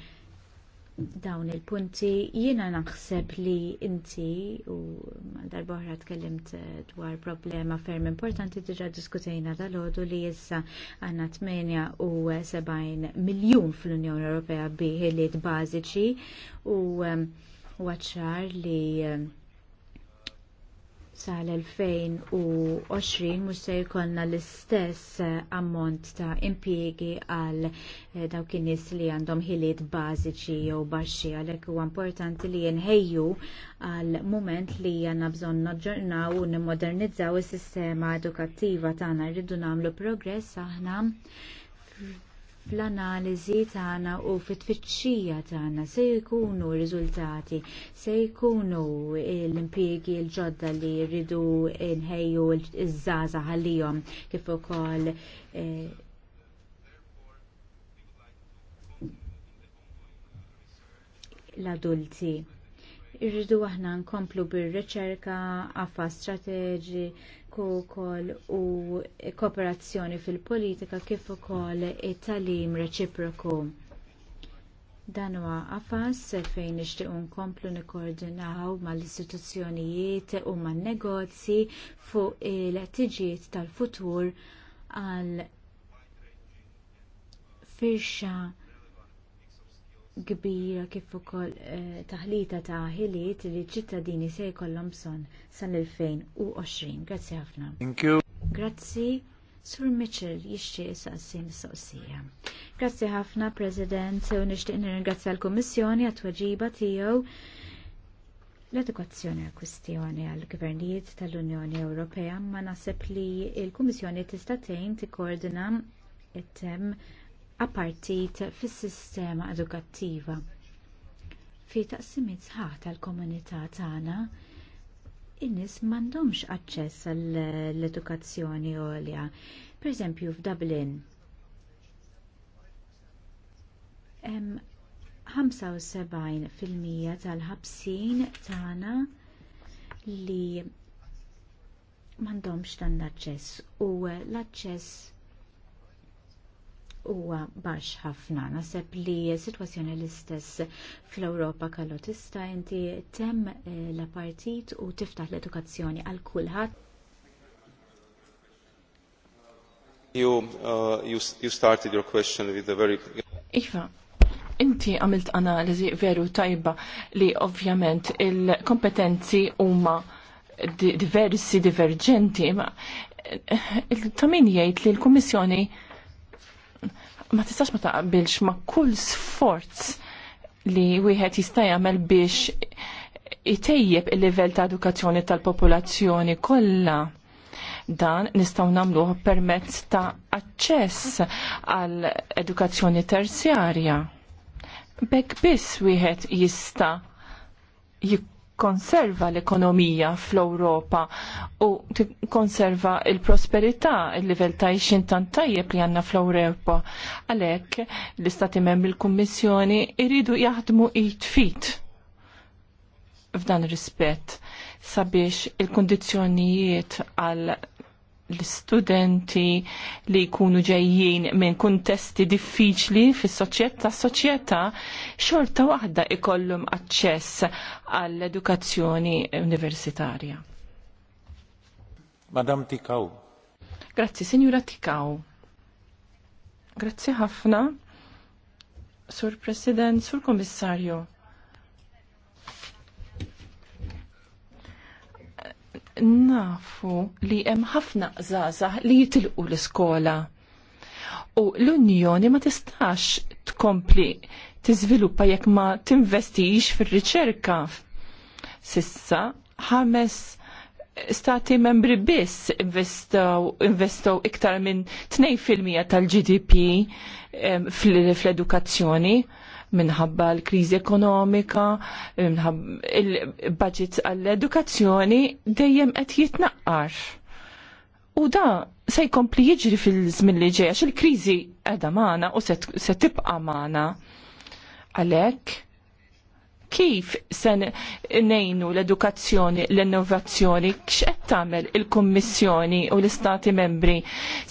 dawn il-punti jiena naħseb li inti u darboħra tkellimt eh, dwar problema ferm importanti diġa diskutejna dal-ħodu li jissa għanna 78 miljon fl-Unjoni Ewropea ħiliet bażiċi eh, u għacċar li eh, sal-2020 mhux se jkollna l-istess eh, ammont ta' impjiegi għal eh, dawk in-nies li għandhom ħiliet bażiċi jew baxxi għalhekk huwa importanti li nħejju għal mument li għandna bżonn naġġornaw u nimmodernizzaw is-sistema edukattiva tagħna rridu nagħmlu progress aħna fl-analiżi tagħna u fit-tfittxija tagħna se jkunu r-riżultati, se jkunu l-impjiegi l-ġodda li rridu nħejju iż-żaża għalihom kif ukoll eh, l-adulti. Irridu aħna nkomplu bir-riċerka, għafa strateġi, ukoll u kooperazzjoni fil-politika kif ukoll it-talim reċiproku. Dan huwa qafas fejn nixtiequ nkomplu nikkoordinaw mal-istituzzjonijiet u man-negozji fuq il-ħtiġijiet tal-futur għal firxa kbira kif ukoll eh, taħlita ta' ħiliet li ċittadini se jkollhom bżonn sal-2020. Grazzi ħafna. Thank you. Grazzi. Sur Mitchell jixtieq saqsim soqsija. Grazzi ħafna, President, u nixtieq nirringrazzja l-Kummissjoni għat-tweġiba tiegħu L-edukazzjoni għal kwistjoni għall gvernijiet tal-Unjoni Ewropea ma naħseb li l kummissjoni tista' tgħin tikkoordina it-tem appartit fis-sistema edukattiva. Fi taqsimiet sħaħ tal-komunità tagħna in-nies m'għandhomx aċċess għall-edukazzjoni għolja. Pereżempju f'Dublin. Hemm 75% tal-ħabsin tagħna li m'għandhomx dan l-aċċess u l-aċċess huwa baxx ħafna. Naseb li situazzjoni l-istess fl-Ewropa kallu tista' inti temm eh, la partit u tiftaħ l-edukazzjoni għal kulħadd. You, uh, you, you started your question with a very Iva, inti għamilt analizi veru tajba li ovvjament il-kompetenzi huma diversi, divergenti, ma eh, il-tamin jgħid li l-Kummissjoni ma tistax ma taqbilx ma kull sforz li wieħed jista' jagħmel biex itejjeb il-livell ta' edukazzjoni tal-popolazzjoni kollha. Dan nistgħu nagħmluh permezz ta' aċċess għall edukazzjoni terzjarja. Bek biss wieħed jista' tikkonserva l-ekonomija fl-Ewropa u tikkonserva il-prosperità, il-livell ta' ixin tan tajjeb li għanna fl-Ewropa. Għalek, l-istati membri l-Kummissjoni iridu jaħdmu it-fit f'dan rispett sabiex il-kondizjonijiet għal l-studenti li jkunu ġejjin minn kuntesti diffiċli fis soċjetà soċjetà xorta waħda ikollhom aċċess għall-edukazzjoni universitarja. Madam Tikaw. Grazzi, Sinjura Tikaw. Grazzi ħafna, Sur President, Sur Komissarju nafu li hemm ħafna żgħażagħ li jitilqu l-iskola. U l-Unjoni ma tistax tkompli tiżviluppa jekk ma tinvestix fir-riċerka. Sissa ħames stati membri biss investaw iktar minn 2% tal-GDP fl-edukazzjoni minħabba l-kriżi ekonomika, il-budget għall-edukazzjoni dejjem qed jitnaqqar. U da se jkompli jiġri fil-żmien li ġej għax il-kriżi qiegħda magħna u se tibqa' magħna. Għalhekk kif se nejnu l-edukazzjoni, l-innovazzjoni, x'qed tagħmel il-Kummissjoni u l-Istati membri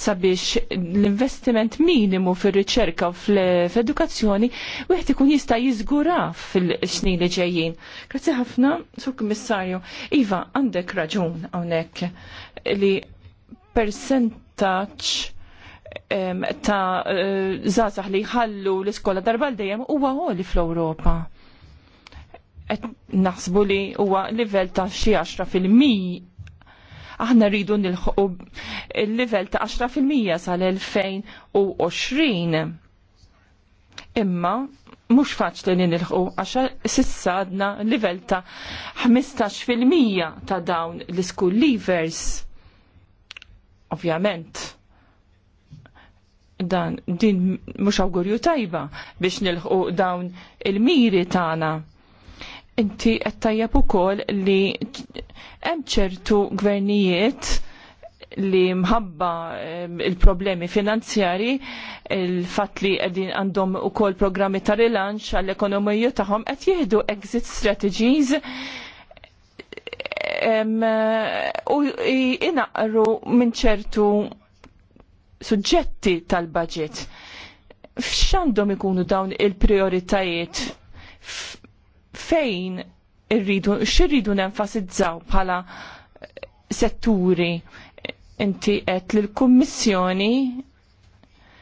sabiex l-investiment minimu fir-riċerka u fl-edukazzjoni wieħed ikun jista' jiżgura fil-snin li ġejjin. Grazzi ħafna, Sur Kummissarju. Iva, għandek raġun hawnhekk li percentaġġ ta' zazax eh, li jħallu l-iskola darba dejjem huwa għoli fl-Ewropa qed naħsbu li huwa livell ta' xi 10 fil-miji aħna rridu nilħu il-livell ta' 10% sal-2020. Imma mhux faċli li nilħu għax sissa għadna livell ta' 15% ta' dawn l-school leavers. Ovvjament, dan din mhux awgurju tajba biex nilħu dawn il-miri tagħna inti qed tajjeb ukoll li hemm ċertu gvernijiet li mħabba il-problemi finanzjari, il-fat li għedin għandhom u kol programmi ta' rilanċ għall-ekonomiju taħom, qed jihdu exit strategies u inaqru minn ċertu suġġetti tal-budget. F'xandhom ikunu dawn il-prioritajiet fejn irridu, xirridu nenfasizzaw bħala setturi inti qed l-Kummissjoni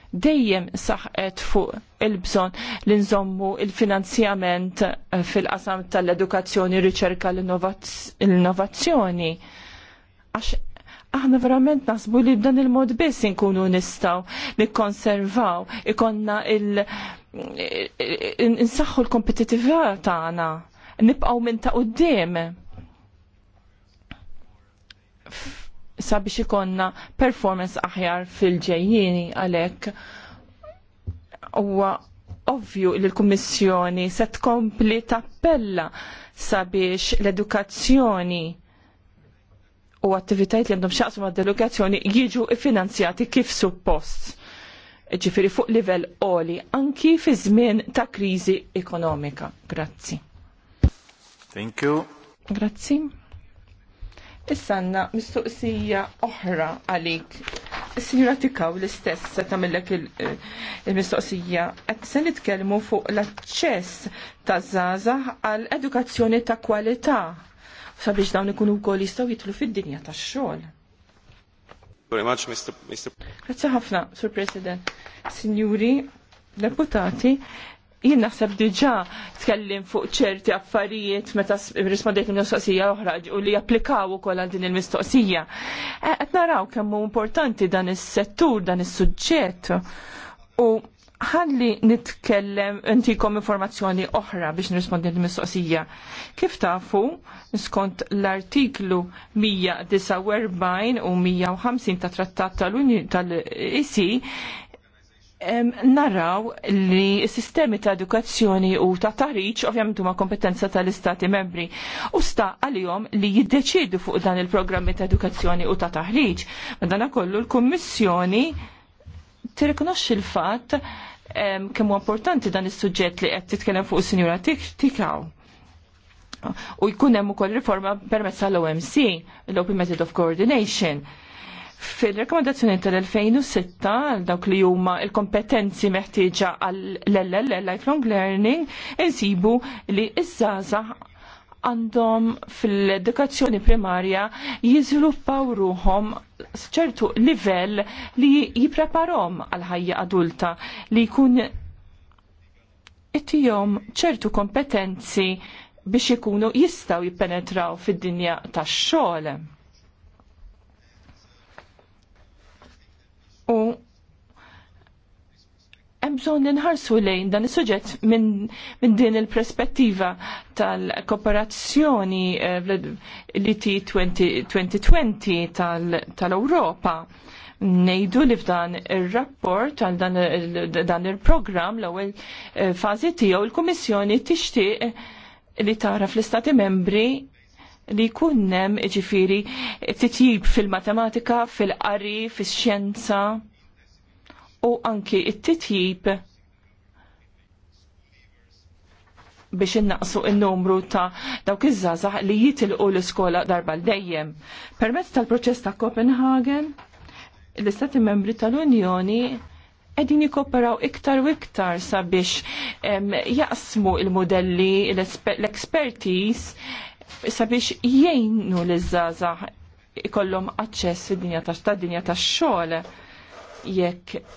dejjem saħqet fuq il-bżon li nżommu il-finanzjament eh, fil-qasam tal-edukazzjoni, riċerka l-innovazzjoni. Għax aħna verament nasbu li b'dan il-mod biss inkunu nistaw nikkonservaw ikonna il- insaħħu l-kompetitività tagħna, nibqgħu minn ta' quddiem sabiex ikonna performance aħjar fil-ġejjini għalhekk huwa ovvju li l-Kummissjoni se tkompli tappella sabiex l-edukazzjoni u attivitajiet li għandhom xaqsu mad delegazzjoni jiġu finanzjati kif suppost ġifiri fuq livell oli, anki fi żmien ta' kriżi ekonomika. Grazzi. Thank you. Grazzi. Issanna mistoqsija oħra għalik. Signora Tikaw l-istess se eh, il-mistoqsija. Qed se nitkellmu fuq l-aċċess ta' zaza għall edukazzjoni ta' kwalità sabiex dawn ikunu wkoll jistgħu jitlu fid-dinja tax-xogħol. Very much, Mr. Mr. Grazie ħafna, Sur President. Signuri, deputati, jien naħseb diġà tkellim fuq ċerti affarijiet meta rispondejt mistoqsija oħra u li japplikaw ukoll għal din il-mistoqsija. Eh, qed naraw kemm hu importanti dan is-settur, dan is-suġġett u ħalli nitkellem intikom informazzjoni oħra biex nirrispondi l-mistoqsija. Kif tafu, skont l-artiklu 149 u 150 ta' trattat tal-ISI, naraw li sistemi ta' edukazzjoni u ta' tariċ ovvjament huma kompetenza tal-istati membri u sta' għalihom li jiddeċidu fuq dan il-programmi ta' edukazzjoni u ta' taħriġ. Madana kollu l-Kummissjoni tirrikonoxxi l-fatt kemm importanti dan is-suġġett li qed titkellem fuq is-Sinjura Tikaw. U jkun hemm ukoll riforma permezz tal-OMC, l-Open Method of Coordination. Fil-rekomendazzjoni tal-2006 għal dawk li huma l-kompetenzi meħtieġa għall-LLL lifelong learning insibu li iż-żaża għandhom fil-edukazzjoni primarja jiżviluppaw ruhom ċertu livell li jipreparom għal ħajja adulta li jkun ittijom ċertu kompetenzi biex ikunu jistaw jippenetraw fid-dinja tax-xogħol. U hemm bżonn inħarsu lejn dan is-suġġett minn min din il-perspettiva tal-kooperazzjoni eh, li ti 2020 tal-Ewropa. Tal Nejdu li f'dan ir-rapport għal dan il-programm l-ewwel eh, fażi tiegħu il-Kummissjoni tixtieq eh, li tara fl-Istati membri li kunnem ġifiri titjib fil-matematika, fil-qari, fil-xjenza. fil matematika fil qari fil xjenza u anki it-titjib biex innaqsu il-numru ta' dawk iż-żazax li jitilqu l-iskola darba l-dejjem. Permezz tal-proċess ta' Copenhagen, l-Istati membri tal-Unjoni edin jikoperaw iktar u iktar sabiex jaqsmu il-modelli, l ekspertiz sabiex jgħinu l-żazax ikollhom aċċess id dinja ta' dinja ta' xogħol jekk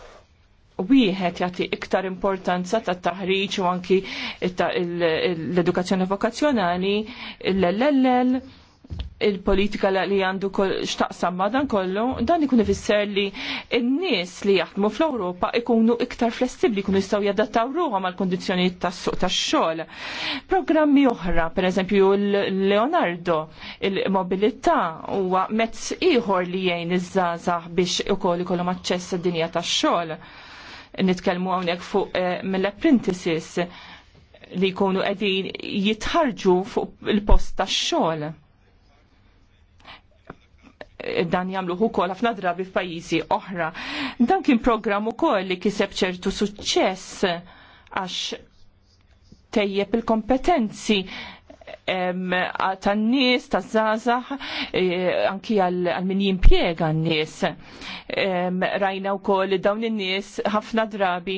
wieħed jagħti iktar importanza tat taħriġ u anki l-edukazzjoni vokazzjonali, l-LLL, il-politika li għandu xtaqsam ma dan kollu, dan ikun ifisser li n-nies li jaħdmu fl-Ewropa ikunu iktar flessibli, ikunu jistgħu jadattaw ruħhom għal kondizjoni tas-suq tax-xogħol. Programmi oħra, pereżempju l-Leonardo, il-mobilità huwa mezz ieħor li jgħin iż-żgħażagħ biex ukoll ikollhom aċċess id-dinja tax-xogħol nitkellmu hawnhekk fuq eh, mill-apprentices li jkunu qegħdin jitħarġu fuq il-post tax-xogħol. Dan jagħmluh ukoll ħafna drabi f'pajjiżi oħra. Dan kien programm ukoll li kiseb ċertu suċċess għax tejjeb il-kompetenzi tan-nies, taż zazax, e, anki għal min jimpjega n-nies. Rajna wkoll li dawn in-nies ħafna drabi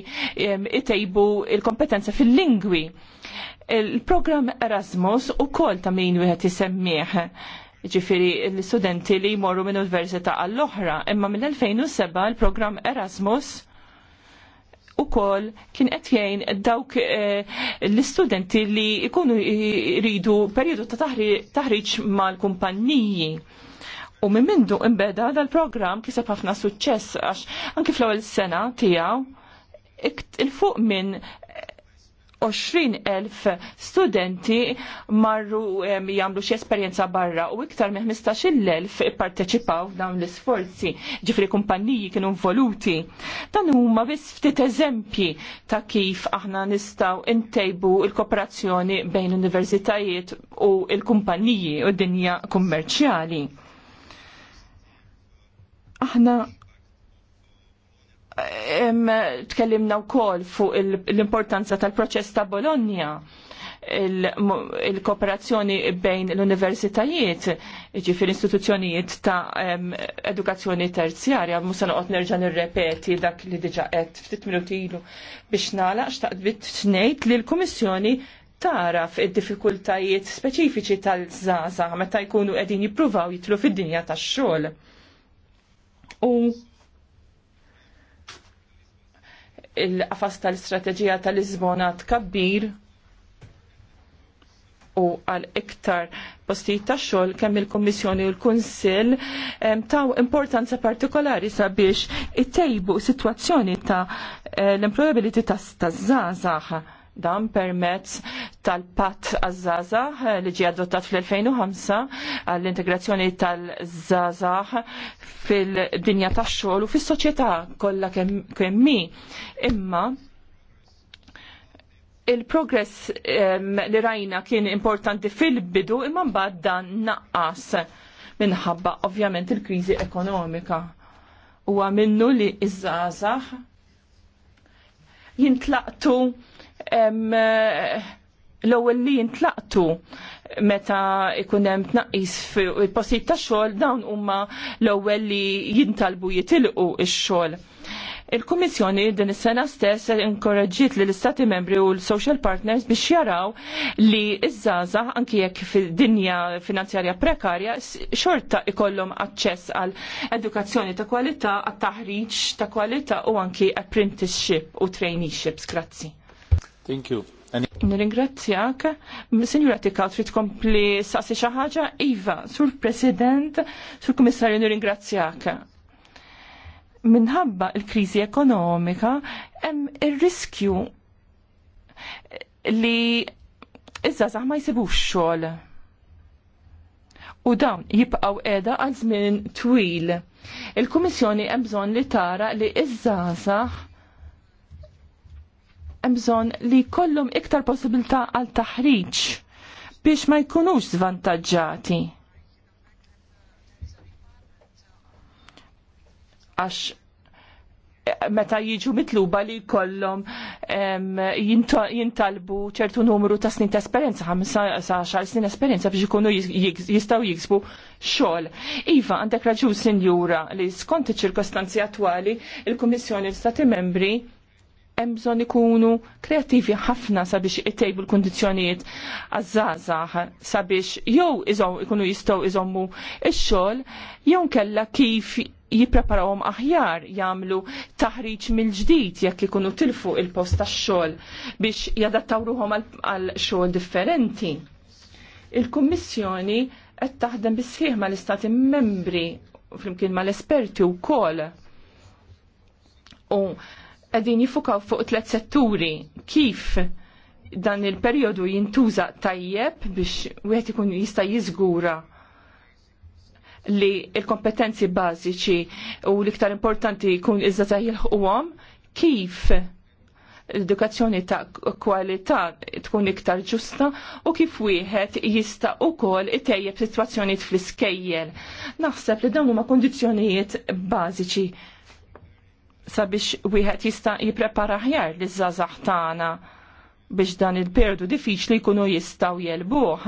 itejbu il-kompetenza fil-lingwi. Il-programm Erasmus u kol ta' min wieħed jisemmieħ. ġifiri l-studenti li jmorru minn università għall-oħra. Imma mill-2007 il-programm Erasmus u kol kien etjajn dawk eh, l-istudenti li ikunu jridu periodu ta' taħriċ mal-kumpanniji. U minn mindu imbeda dal-program kiseb ħafna suċċess għax anki fl-ewwel sena tiegħu il-fuq minn 20,000 studenti marru jamlu xie esperienza barra u iktar minn 15,000 ipparteċipaw dawn l-isforzi ġifri kumpanniji kienu involuti. Dan huma biss ftit eżempji ta' kif aħna nistaw intejbu il-kooperazzjoni bejn universitajiet u il-kumpanniji u dinja kummerċjali. Aħna tkellimna wkoll fuq l-importanza tal-proċess ta' Bologna il-kooperazzjoni bejn l-universitajiet, ġifir istituzzjonijiet ta' edukazzjoni terzjarja, musa noqot nerġa' nirrepeti dak li diġa qed ftit minuti ilu biex nagħlaq xtaqt bit li l-Kummissjoni taraf id-diffikultajiet speċifiċi tal-żaza meta jkunu qegħdin jippruvaw jitlu fid-dinja tax-xogħol. U il-qafas tal-istrateġija tal-Lisbona tkabbir u għal iktar postijiet ta' xogħol kemm il-Kummissjoni u l-Kunsill taw importanza partikolari sabiex ittejbu sitwazzjoni ta' eh, l-employability ta' żgħażagħ dan permezz tal-pat għazzaza eh, li ġie adottat fl-2005 għall-integrazzjoni tal zaza fil-dinja tax-xogħol u fis-soċjetà kollha kemm Imma il-progress li rajna kien importanti fil-bidu imma mbagħad dan naqqas minħabba ovvjament il-kriżi ekonomika. Huwa minnu li iż-żgħażagħ jintlaqtu Eh, l-ewwel li jintlaqtu meta ikun hemm tnaqqis fil-postijiet tax-xogħol dawn huma l-ewwel li jintalbu jitilqu x-xogħol. Il-Kummissjoni din is-sena stess inkoraġġiet lill istati membri u l-social partners biex jaraw li iż-żaża anke jekk fid-dinja finanzjarja prekarja xorta ikollhom aċċess għal edukazzjoni ta' kwalità, għat taħriġ ta' kwalità u anke apprenticeship u traineeships. Grazzi. Thank you. Nirringrazzjak. Sinjura Tikal, trid kompli saqsi xi ħaġa? Iva, sur President, sur Kummissarju nirringrazzjak. Minħabba l-kriżi ekonomika hemm ir-riskju li iż-żazax ma jsibux xogħol. U dawn jibqgħu qiegħda għal żmien twil. Il-Kummissjoni hemm bżonn li tara li iż-żazax bżonn li kollum iktar possibilità għal taħriġ biex ma jkunux zvantaġġati. Għax eh, meta jiġu mitluba li kollom jintalbu ċertu numru ta' snin ta' esperienza, 15 snin esperienza biex ikunu jistaw jiksbu xogħol. Iva, għandek raġu sinjura li skont iċ-ċirkostanzi attwali il-Kummissjoni l-Stati Membri hemm bżonn ikunu kreattivi ħafna sabiex ittejbu l-kundizzjonijiet għaż-żgħażagħ sabiex jew iżom ikunu jistgħu iżommu il xogħol jew kella kif jipreparawom aħjar jagħmlu taħriġ mill-ġdid jekk ikunu tilfu il-post tax-xogħol biex jadattaw ruhom għal xogħol differenti. Il-Kummissjoni qed taħdem bis-sieħ mal-Istati Membri flimkien mal-esperti wkoll. U qegħdin jifukaw fuq tliet setturi kif dan il periodu jintuża tajjeb biex wieħed ikun jista' jiżgura li il-kompetenzi bażiċi u l-iktar importanti jkun iżda taħjilħuhom kif l-edukazzjoni ta' kwalità tkun iktar ġusta u kif wieħed jista' ukoll itejjeb sitwazzjonijiet fl-iskejjel. Naħseb li dawn huma kondizzjonijiet bażiċi sabiex wieħed jista' jipprepara ħjar li żgħażagħ tagħna biex dan il-perdu diffiċli jkunu jistgħu jelbuh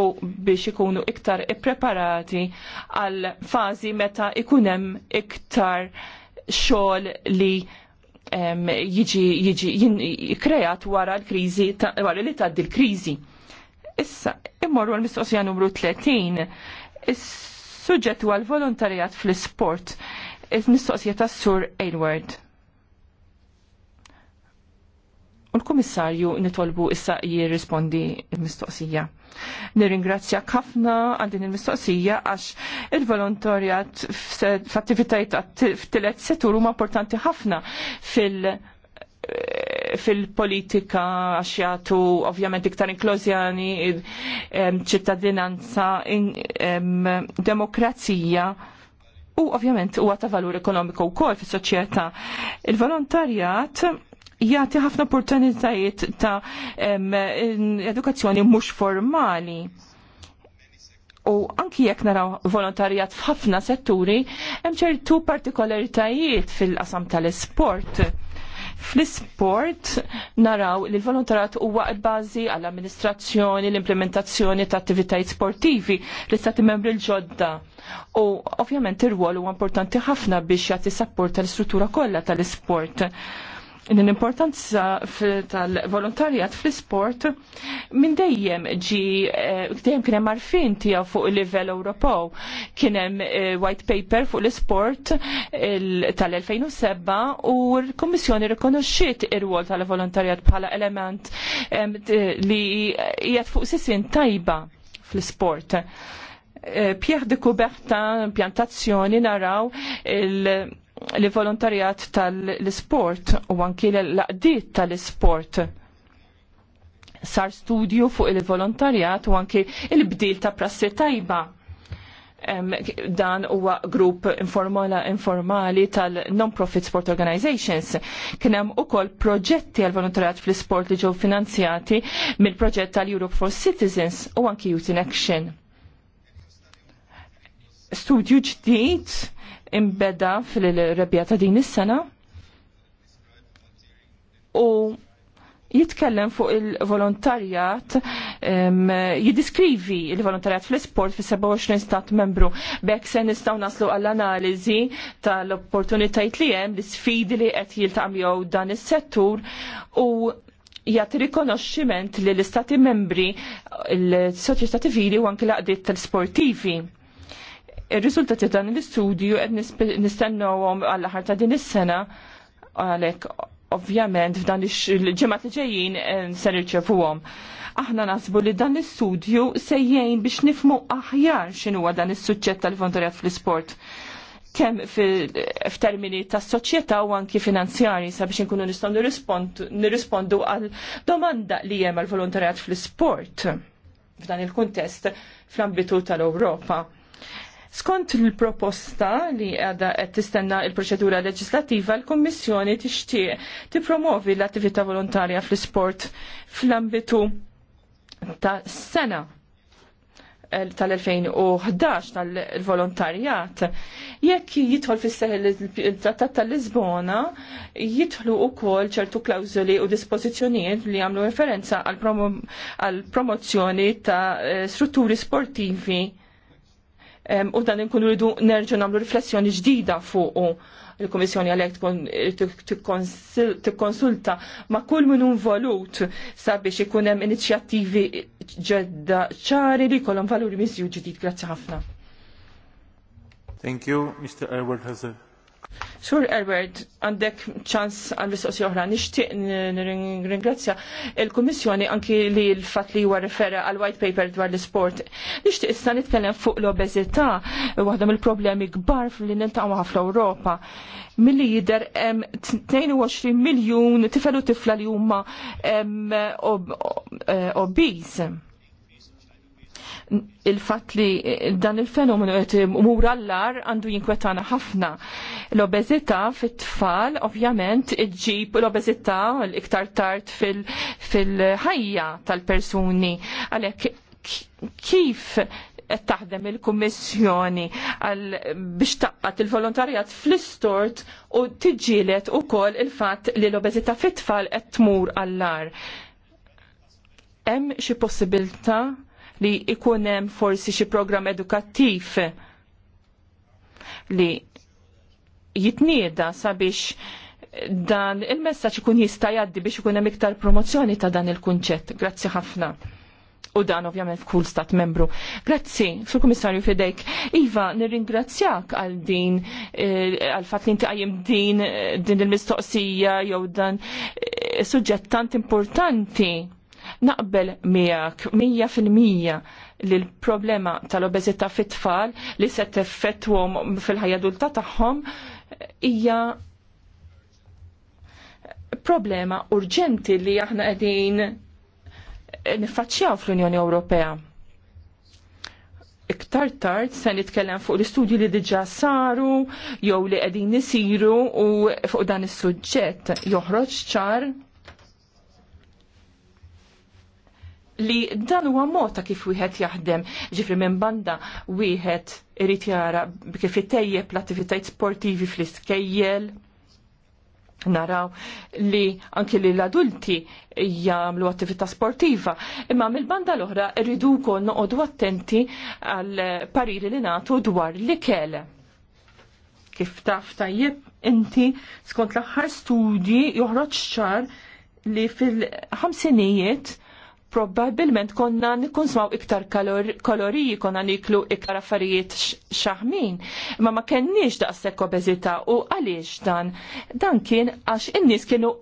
u biex ikunu iktar ippreparati għal fażi meta ikun hemm iktar xogħol li um, jiġi jiġi kreat wara l-kriżi wara li tgħaddi l-kriżi. Issa, immorru l-mistoqsija numru 30, is-suġġett huwa l-volontarjat fl-isport il-mistoqsija tas sur Aylward. U l-Kummissarju nitolbu issa jirrispondi il-mistoqsija. Nirringrazzja ħafna għal din il-mistoqsija għax il-volontorjat f'attivitajiet f'tilet settur huma importanti ħafna fil- fil-politika għax jagħtu ovvjament iktar inklużjani ċittadinanza demokrazija U ovvjament huwa ta' valur ekonomiku wkoll fis-soċjetà. Il-volontarjat jagħti ħafna opportunitajiet ta' edukazzjoni mhux formali. U anki jekk naraw volontarjat f'ħafna setturi, hemm ċertu partikolaritajiet fil-qasam tal-isport Fl-isport naraw li l-volontarat huwa bażi għall-amministrazzjoni, l-implementazzjoni ta' attivitajiet sportivi li stati membri l-ġodda. U ovvjament ir-rwol huwa importanti ħafna biex jagħti sapport tal-istruttura kollha tal-isport. tal tal istruttura kollha tal isport l-importanza tal-volontarjat fl-sport minn dejjem ġi eh, dejjem kien hemm marfin tiegħu fuq il-livell Ewropew. Kien hemm eh, white paper fuq l-sport tal-2007 u l-Kummissjoni rikonoxxiet ir-rwol tal-volontarjat bħala element li jgħat fuq sissin tajba fl-sport. Eh, Pierre de Coubertin, pjantazzjoni naraw il- li volontarjat tal-sport u anki l-laqdiet tal-sport sar studju fuq il-volontarjat u anki il-bdil ta' prassi tajba dan huwa grupp informali tal-non-profit sport organizations. Kien hemm ukoll proġetti għal volontarjat fl-sport li ġew finanzjati mill-proġett tal-Europe for Citizens u anki Youth in Action. Studju ġdid imbeda fil-rebja ta' din is-sena u jitkellem fuq il-volontarjat jidiskrivi il-volontarjat fl-sport fil-27 stat membru. bekk se nistaw naslu għall-analizi tal-opportunitajt li hemm, l-sfidi li qed jiltaqmjow dan is-settur u jgħat rikonoxximent li l-istati membri, l-soċjetà ċivili u anke l-għadiet tal-sportivi Ir-riżultati dan l-istudju qed nistennewhom għall aħħar ta' din is-sena għalhekk ovvjament f'dan il ġimgħat li ġejjin eh, se nirċevuhom. Aħna nasbu li dan l-istudju se jgħin biex nifmu aħjar x'inhuwa dan is-suġġett tal-volontarjat fl-isport kemm f'termini tas soċjetà u anki finanzjari sabiex inkunu nistgħu nirrispondu għal domanda li hemm għal volontarjat fl-isport f'dan il-kuntest fl-ambitu tal-Ewropa. Skont il-proposta li għada qed tistenna il-proċedura leġislativa, l-Kommissjoni tixtieq tippromovi l-attività volontarja fl-isport fl-ambitu ta' sena tal-2011 tal-volontarjat, jekk jidħol fis il-Trattat tal-Lisbona, jidħlu u kol ċertu klawzuli u dispożizzjonijiet li għamlu referenza għal-promozzjoni ta' eh, strutturi sportivi u dan inkunu rridu nerġu nagħmlu riflessjoni ġdida fuq il-Komissjoni għalek tikkonsulta ma kull min involut sabiex ikun hemm inizjattivi ġedda ċari li kollhom valuri miżju ġdid. Grazzi ħafna. Thank you, Mr. Edward Hazard. Sur Herbert, għandek ċans għal mistoqsi oħra, nixtieq ringrazzja il-Kummissjoni anki li l-fatt li huwa referra għal white paper dwar l-isport. Nixtieq issa nitkellem fuq l-obeżità, waħda mill-problemi kbar li nintaqgħu ħafna Ewropa. Milli jidher hemm 22 miljun tifel u tifla li huma obiż. Ob ob eh, ob il-fat li dan il-fenomenu qed l-lar għandu jinkwetana ħafna. L-obeżità fit-tfal ovvjament iġġib l-obeżità l-iktar tard fil-ħajja tal-persuni. Għalhekk kif qed taħdem il-Kummissjoni biex taqqat il-volontarjat fl-istort u tiġġielet ukoll il-fatt li l-obeżità fit-tfal qed tmur għall-lar. Hemm xi possibilità li ikunem hemm forsi xi programm edukattiv li jitnieda sabiex dan il-messaġġ ikun jista' jgħaddi biex ikun hemm iktar promozzjoni ta' dan il-kunċett. Grazzi ħafna. U dan ovvjament f'kull stat membru. Grazzi, sur Kummissarju Fidejk. Iva, nirringrazzjak għal din, eh, għal fatt li inti din, eh, din il-mistoqsija jew dan eh, suġġett tant importanti naqbel miegħek mija fil-mija li l-problema tal-obeżità fit-tfal li se teffettwhom fil-ħajja adulta tagħhom hija problema urġenti li aħna qegħdin niffaċċjaw fl-Unjoni Ewropea. Iktar tard se nitkellem fuq l-istudju li diġà saru jew li qegħdin isiru u fuq dan is-suġġett joħroġ ċar li dan huwa mod ta' kif wieħed jaħdem, ġifri minn banda wieħed irid jara kif itejjeb l-attivitajiet sportivi fl-iskejjel, naraw li anki li l-adulti jagħmlu attività sportiva. Imma mill-banda l-oħra rridu wkoll noqogħdu attenti għal pariri li nagħtu dwar l-ikel. Kif taf tajjeb inti skont l-aħħar studji joħroġ ċar li fil-ħamsinijiet Probabilment konna nikonsmaw iktar kaloriji, konna niklu iktar affarijiet xaħmin, ma ma kenniex daqshekk obeżità u għaliex dan. Dan kien għax in-nies kienu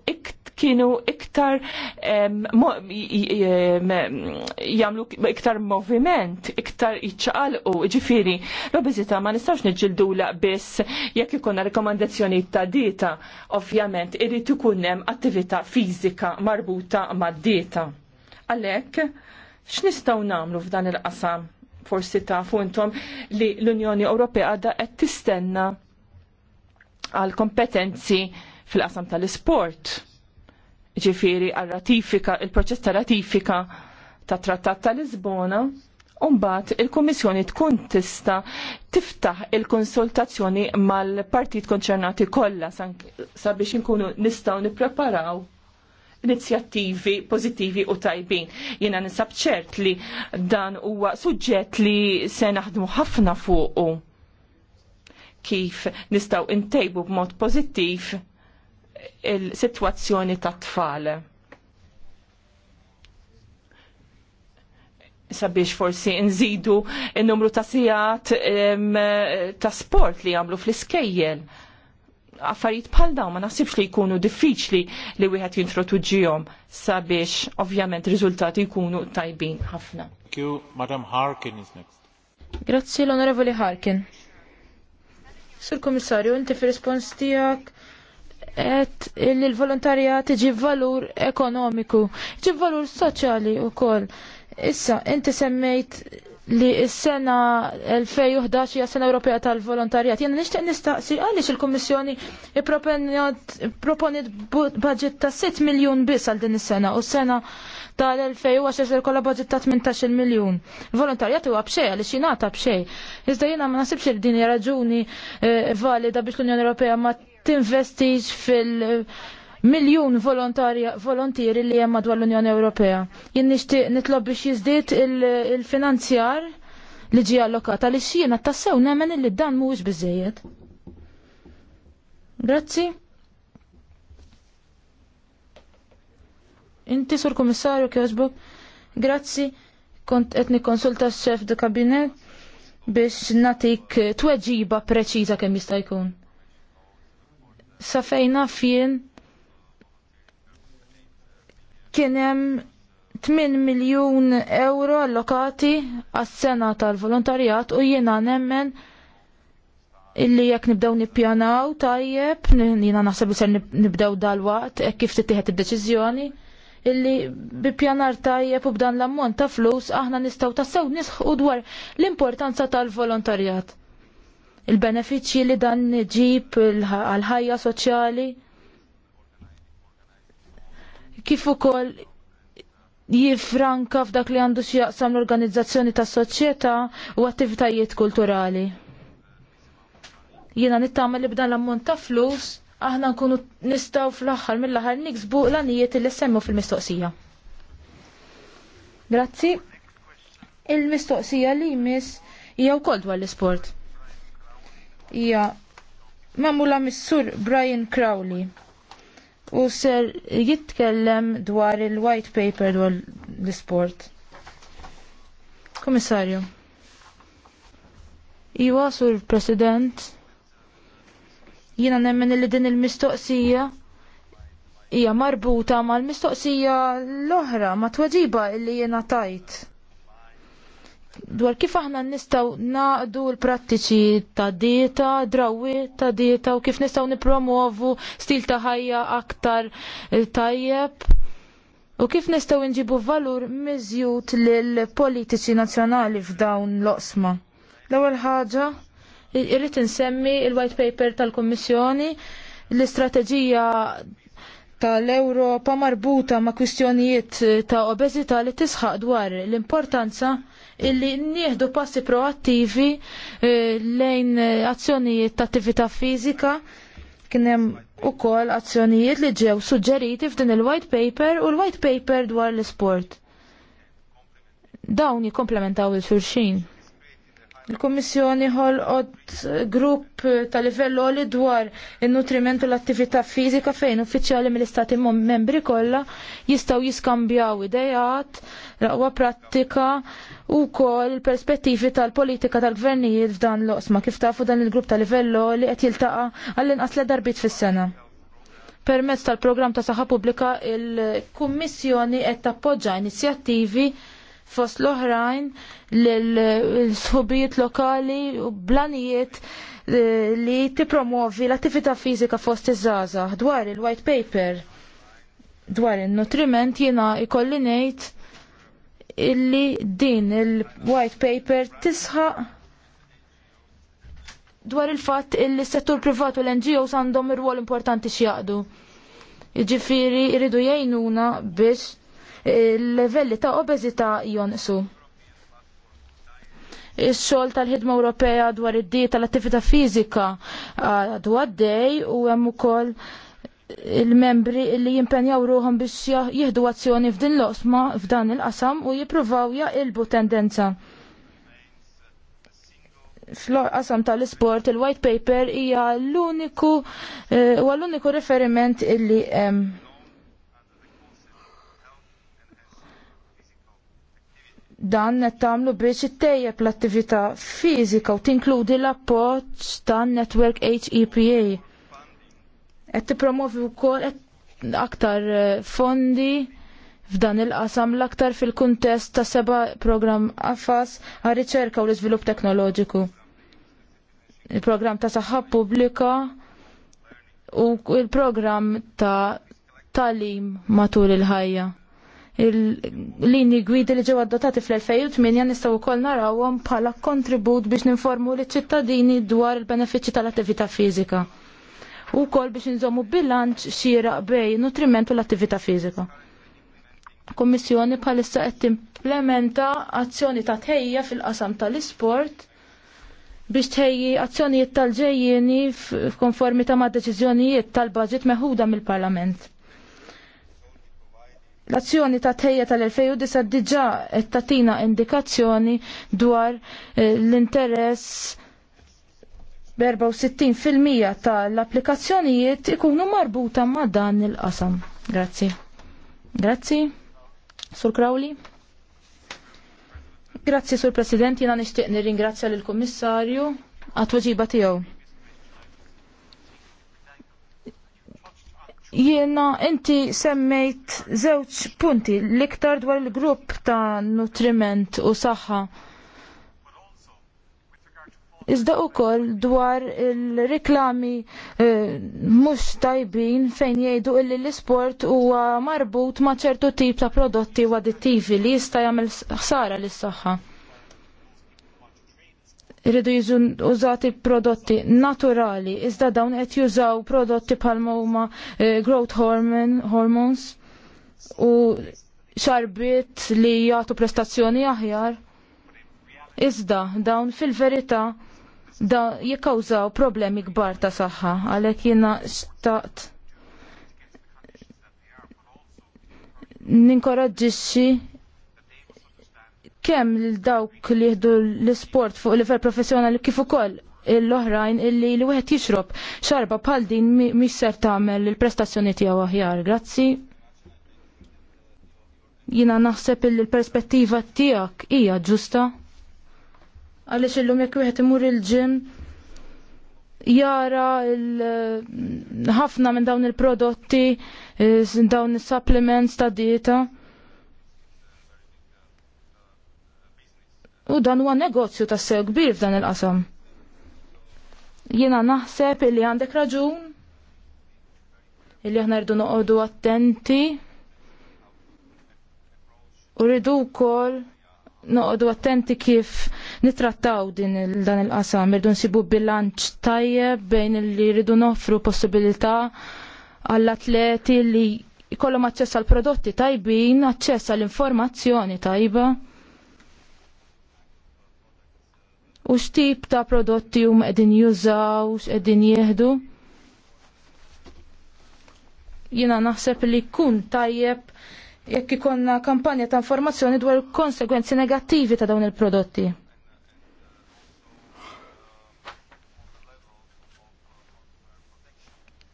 kienu iktar jamlu iktar moviment, iktar u ġifieri l-obeżità ma nistax niġġildula biss jekk ikunna rikomandazzjonijiet ta' dieta, ovvjament irid ikun hemm attività fiżika marbuta ma' dieta Għalhekk x'nistgħu nagħmlu f'dan il-qasam? Forsi tafu intom li l-Unjoni Ewropea għadha qed tistenna għal kompetenzi fil-qasam tal-isport. Ġifiri għal ratifika, il-proċess ta' ratifika ta' trattat ta' Lisbona, Umbat il-Komissjoni tkun tista tiftaħ il-konsultazzjoni mal-partit konċernati kollha sabiex inkunu nistgħu nippreparaw inizjattivi pozittivi u tajbin. Jiena nisab ċert li dan huwa suġġett li se naħdmu ħafna fuqu kif nistaw intejbu b'mod pozittiv il-sitwazzjoni ta' tfal. sabiex forsi nżidu n numru ta' sijat ta' sport li għamlu fl-iskejjel affarijiet bħal dawn ma naħsibx li jkunu diffiċli li wieħed jintrotuġġihom sabiex ovvjament riżultati jkunu tajbin ħafna. Madam Harkin is next. Grazzi l-Onorevoli Harkin. Sur Komissarju, inti fir-rispons tiegħek et li l-volontarja tiġi valur ekonomiku, tiġi valur soċjali u koll. Issa, inti semmejt li s-sena 2011 hija sena Ewropea tal-volontarjat. Jena nixtieq nistaqsi għaliex il-Kummissjoni proponiet budget ta' 6 miljun biss għal din is-sena u s-sena tal-2010 kolla budget ta' 18 miljun. Volontarjat huwa b'xejn għaliex jingħata b'xej. Iżda jiena ma nasibx li din raġuni eh, valida biex l-Unjoni Ewropea ma tinvestix fil- miljun volontieri li hemm madwar l-Unjoni Ewropea. Jien nixtieq nitlob biex jiżdied il-finanzjar li ġie allokata li xjiena tassew nemmen li dan mhuwiex biżejjed. Grazzi. Inti sur kummissarju kjożbuk, grazzi kont qed nikkonsulta s-xef di kabinet biex natik tweġiba preċiża kemm jista' jkun. Sa fejna fien Kien hemm 8 miljun euro allokati għas-sena tal-volontarjat u jiena nemmen illi jekk nibdew nippjanaw tajjeb, jiena naħseb li ser nibdew dal-waqt, kif tittieħed id-deċiżjoni, illi bippjanar tajjeb u b'dan l-ammont ta' flus aħna nistgħu tassew nisħu dwar l-importanza tal-volontarjat. Il-benefiċċji li dan ġib għal-ħajja soċjali kif ukoll jifranka f'dak li għandu x'jaqsam l-organizzazzjoni tas soċjetà u attivitajiet kulturali. Jiena nittama li b'dan l-ammont ta' flus aħna nkunu nistaw fl-aħħar mill-aħħar niksbu l għanijiet li semmu fil-mistoqsija. Grazzi. Il-mistoqsija li jmiss hija wkoll dwar l-isport. Hija mamula missur Brian Crowley u ser jitkellem dwar il-white paper dwar l-sport. Komissarju, Iwa, sur president, jina nemmen li din il-mistoqsija hija marbuta mal-mistoqsija l-oħra ma tweġiba illi jiena tajt dwar kif aħna nistgħu naqdu l-prattiċi ta' dieta, drawiet ta' dieta u kif nistgħu nippromovu stil ta' ħajja aktar eh, tajjeb. U kif nistgħu nġibu valur miżjud lill politiċi nazzjonali f'dawn l osma L-ewwel ħaġa irrid insemmi il-white paper tal-Kummissjoni l-istrateġija tal-Ewropa marbuta ma' kwistjonijiet eh, ta' obeżità li tisħaq dwar l-importanza illi nieħdu passi proattivi eh, lejn azzjonijiet ta' attività fizika kien hemm ukoll azzjonijiet li ġew suġġeriti f'din il-white paper u l-white paper dwar l-isport. Dawn jikkomplementaw il-xulxin. Il-Kommissjoni ħolqot grupp ta' livell li dwar il-nutriment u l-attività fizika fejn uffiċjali mill-istati membri kollha jistgħu jiskambjaw idejat, raqwa prattika u kol perspettivi tal-politika tal-gvernijiet f'dan l-osma kif tafu dan il-grupp ta' livell li qed jiltaqa' għall-inqas le darbit fis-sena. Permezz tal-programm ta' saħħa pubblika il-Kummissjoni qed tappoġġa inizjattivi fost l-oħrajn l-sħubijiet lokali u blanijiet eh, li tipromovi l-attività fizika fost iż-żaza dwar il-white paper dwar il-nutriment jina ikolli ngħid illi din il-white paper tisħaq dwar il-fatt illi s-settur privat u l-NGOs għandhom ir-rwol importanti x'jaqdu. Jiġifieri jridu jajnuna biex il levelli ta' obeżità jonqsu. is xogħol tal-ħidma Ewropea dwar id-dieta tal-attività fiżika dwar dej u hemm ukoll il-membri li jimpenjaw ruħom biex jihdu azzjoni f'din l-osma f'dan il-qasam u jipruvaw jaqilbu tendenza. Fl-qasam tal-sport il-white paper hija l-uniku eh, u l-uniku referiment illi hemm. Dan qed tagħmlu biex ittejjeb l-attività fiżika u tinkludi l-appoġġ tan netwerk HEPA. Qed tippromovi wkoll aktar eh, fondi f'dan il-qasam l-aktar fil-kuntest ta' seba' programm AFAS għar riċerka u l-iżvilupp teknoloġiku. Il-programm ta' saħħa pubblika u il-programm ta' talim matul il-ħajja il-lini gwidi li ġew adottati fl-2008 nistgħu wkoll narawhom bħala kontribut biex ninformu liċ ċittadini dwar il-benefiċċji tal-attività fiżika. U wkoll biex inżommu bilanċ xieraq bejn nutriment u l-attività fiżika. Kommissjoni bħalissa qed timplementa azzjoni ta' tħejja fil-qasam tal-isport biex tħejji azzjonijiet tal-ġejjieni f'konformità mad deċiżjonijiet tal-baġit meħuda mill-Parlament l-azzjoni ta' tejja tal-2009 diġa qed tatina indikazzjoni dwar eh, l-interess 64 tal-applikazzjonijiet ikunu marbuta ma' dan il-qasam. Grazzi. Grazzi. Sur Crowley. Grazzi, Sur President, Jena nishtiq nirringrazzja l-Kommissarju għat-tweġiba tiegħu. Jiena inti semmejt żewġ punti l-iktar dwar il-grupp ta' nutriment u saħħa. Iżda koll dwar il-reklami mux eh, mhux tajbin fejn jgħidu illi l-isport huwa marbut ma' ċertu tip ta' prodotti u addittivi li jista' jagħmel ħsara lis-saħħa irridu użati prodotti naturali, iżda dawn qed jużaw prodotti bħalma huma eh, growth hormone, hormones u xarbit li jagħtu prestazzjoni aħjar. Iżda dawn fil-verità da jikkawżaw problemi kbar ta' saħħa għalhekk jiena xtaqt ninkoraġġixxi kemm l dawk li jieħdu l-isport fuq livell professjonali kif ukoll l-oħrajn illi li wieħed jixrob xarba bħal din mhix ser tagħmel il-prestazzjoni tiegħu aħjar. Grazzi. Jina naħseb li l-perspettiva tiegħek hija ġusta. Għaliex illum jekk wieħed imur il-ġim jara ħafna minn dawn il-prodotti, eh, dawn is-supplements ta' dieta U dan huwa negozju ta' sew kbir f'dan il-qasam. Jiena naħseb illi għandek raġun illi aħna rridu noqogħdu attenti u rridu wkoll noqogħdu attenti kif nitrattaw din dan il-qasam, rridu nsibu bilanċ tajjeb bejn li rridu noffru possibilità għall-atleti li jkollhom aċċess għal prodotti tajbin, aċċess għall informazzjoni tajba. u x'tip ta' prodotti hum qegħdin jużaw, x'qegħdin jieħdu. Jiena naħseb li kun tajjeb jekk ikonna kampanja ta' informazzjoni dwar konsegwenzi negattivi ta' dawn il-prodotti.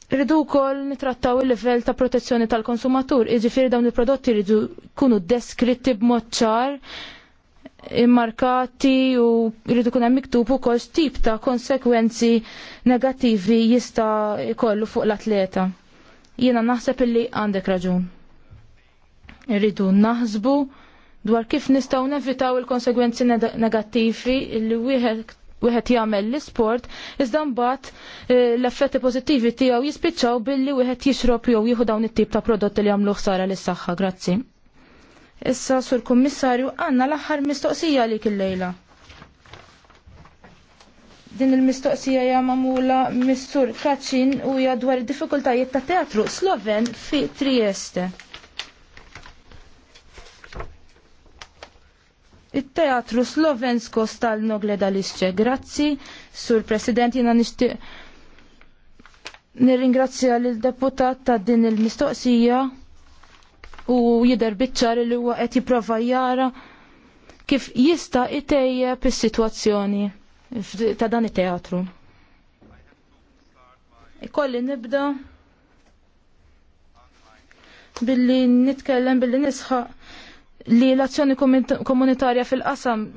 Rridu wkoll nitrattaw il-livell ta' protezzjoni tal-konsumatur, jiġifieri dawn il-prodotti rridu jkunu deskritti b'mod ċar immarkati u jridu kun hemm kol tip ta' konsekwenzi negattivi jista' jkollu fuq l-atleta. Jiena naħseb illi għandek raġun. Irridu naħsbu dwar kif nistgħu nevitaw il-konsegwenzi negattivi li wieħed wieħed jagħmel l-isport, iżda mbagħad eh, l-effetti pożittivi tiegħu jispiċċaw billi wieħed jixrob jew jieħu dawn it-tip ta' prodotti li jagħmlu ħsara lis-saħħa. Grazzi. Issa sur kummissarju għanna l-aħħar mistoqsija li kill lejla Din il-mistoqsija hija mamula mis Kaċin u hija dwar id-diffikultajiet ta' teatru Sloven fi Trieste. Il-teatru Slovensko stalno gledalisċe. Grazzi, sur President, jina nishtiq nirringrazzja l-deputat ta' din il-mistoqsija u jidher biċċar li huwa qed jipprova jara kif jista' itejjeb is-sitwazzjoni ta' dan it-teatru. Ikolli nibda billi nitkellem billi nisħaq li l-azzjoni komunitarja fil-qasam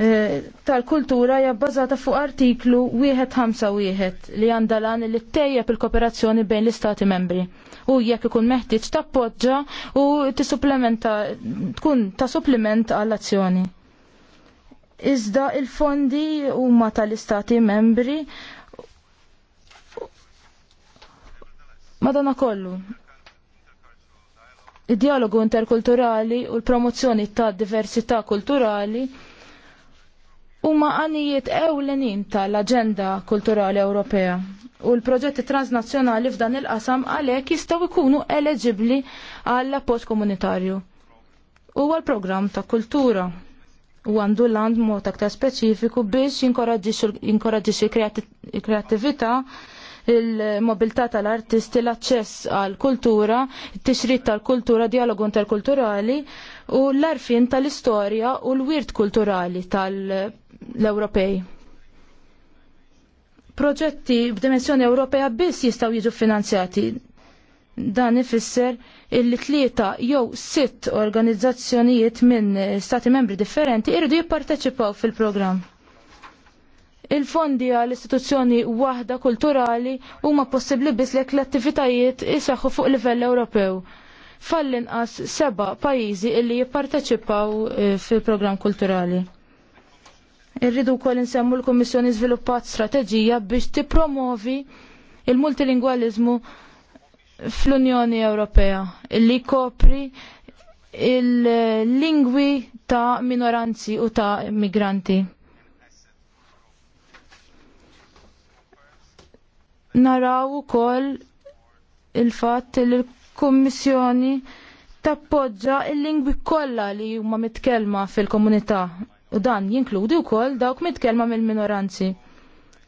Eh, tal-kultura hija bbażata fuq artiklu wieħed ħamsa li għandha lan li ttejjeb il-kooperazzjoni bejn l-istati membri. U jekk ikun meħtieġ tappoġġa u tissupplementa tkun ta' supplement għall-azzjoni. Iżda il-fondi huma tal-istati membri Madonna kollu, id-dialogu interkulturali u l-promozzjoni ta' diversità kulturali huma għanijiet ewlenin tal-Aġenda Kulturali Ewropea u l-proġetti transnazzjonali f'dan il-qasam għalhekk jistgħu jkunu eleġibbli għall appoġġ komunitarju. Huwa l-programm ta' kultura u għandu land mod aktar speċifiku biex jinkoraġġixxi kreattività il-mobilità tal-artisti, l-aċċess għal-kultura, t-tixrit tal-kultura, dialogu interkulturali u l-arfin tal-istorja u l-wirt kulturali tal -kulturali, l-Ewropej. Proġetti b'dimensjoni Ewropea biss jistgħu jiġu finanzjati. Dan ifisser illi tlieta jew sitt organizzazzjonijiet minn stati membri differenti irridu jipparteċipaw fil-programm. Il-fondi għall istituzzjoni waħda kulturali huma possibbli biss lek l-attivitajiet isaħħu fuq livell Ewropew. Fallinqas seba' pajjiżi illi jipparteċipaw eh, fil-programm kulturali. Irridu wkoll insemmu l-Kummissjoni żviluppat strateġija biex tippromovi il-multilingwaliżmu fl-Unjoni Ewropea li kopri il-lingwi ta' minoranzi u ta' migranti. Naraw ukoll il-fatt li l-Kummissjoni tappoġġa il-lingwi kollha li huma mitkellma fil-komunità U dan jinkludi wkoll dawk mitkellma mill-minoranzi.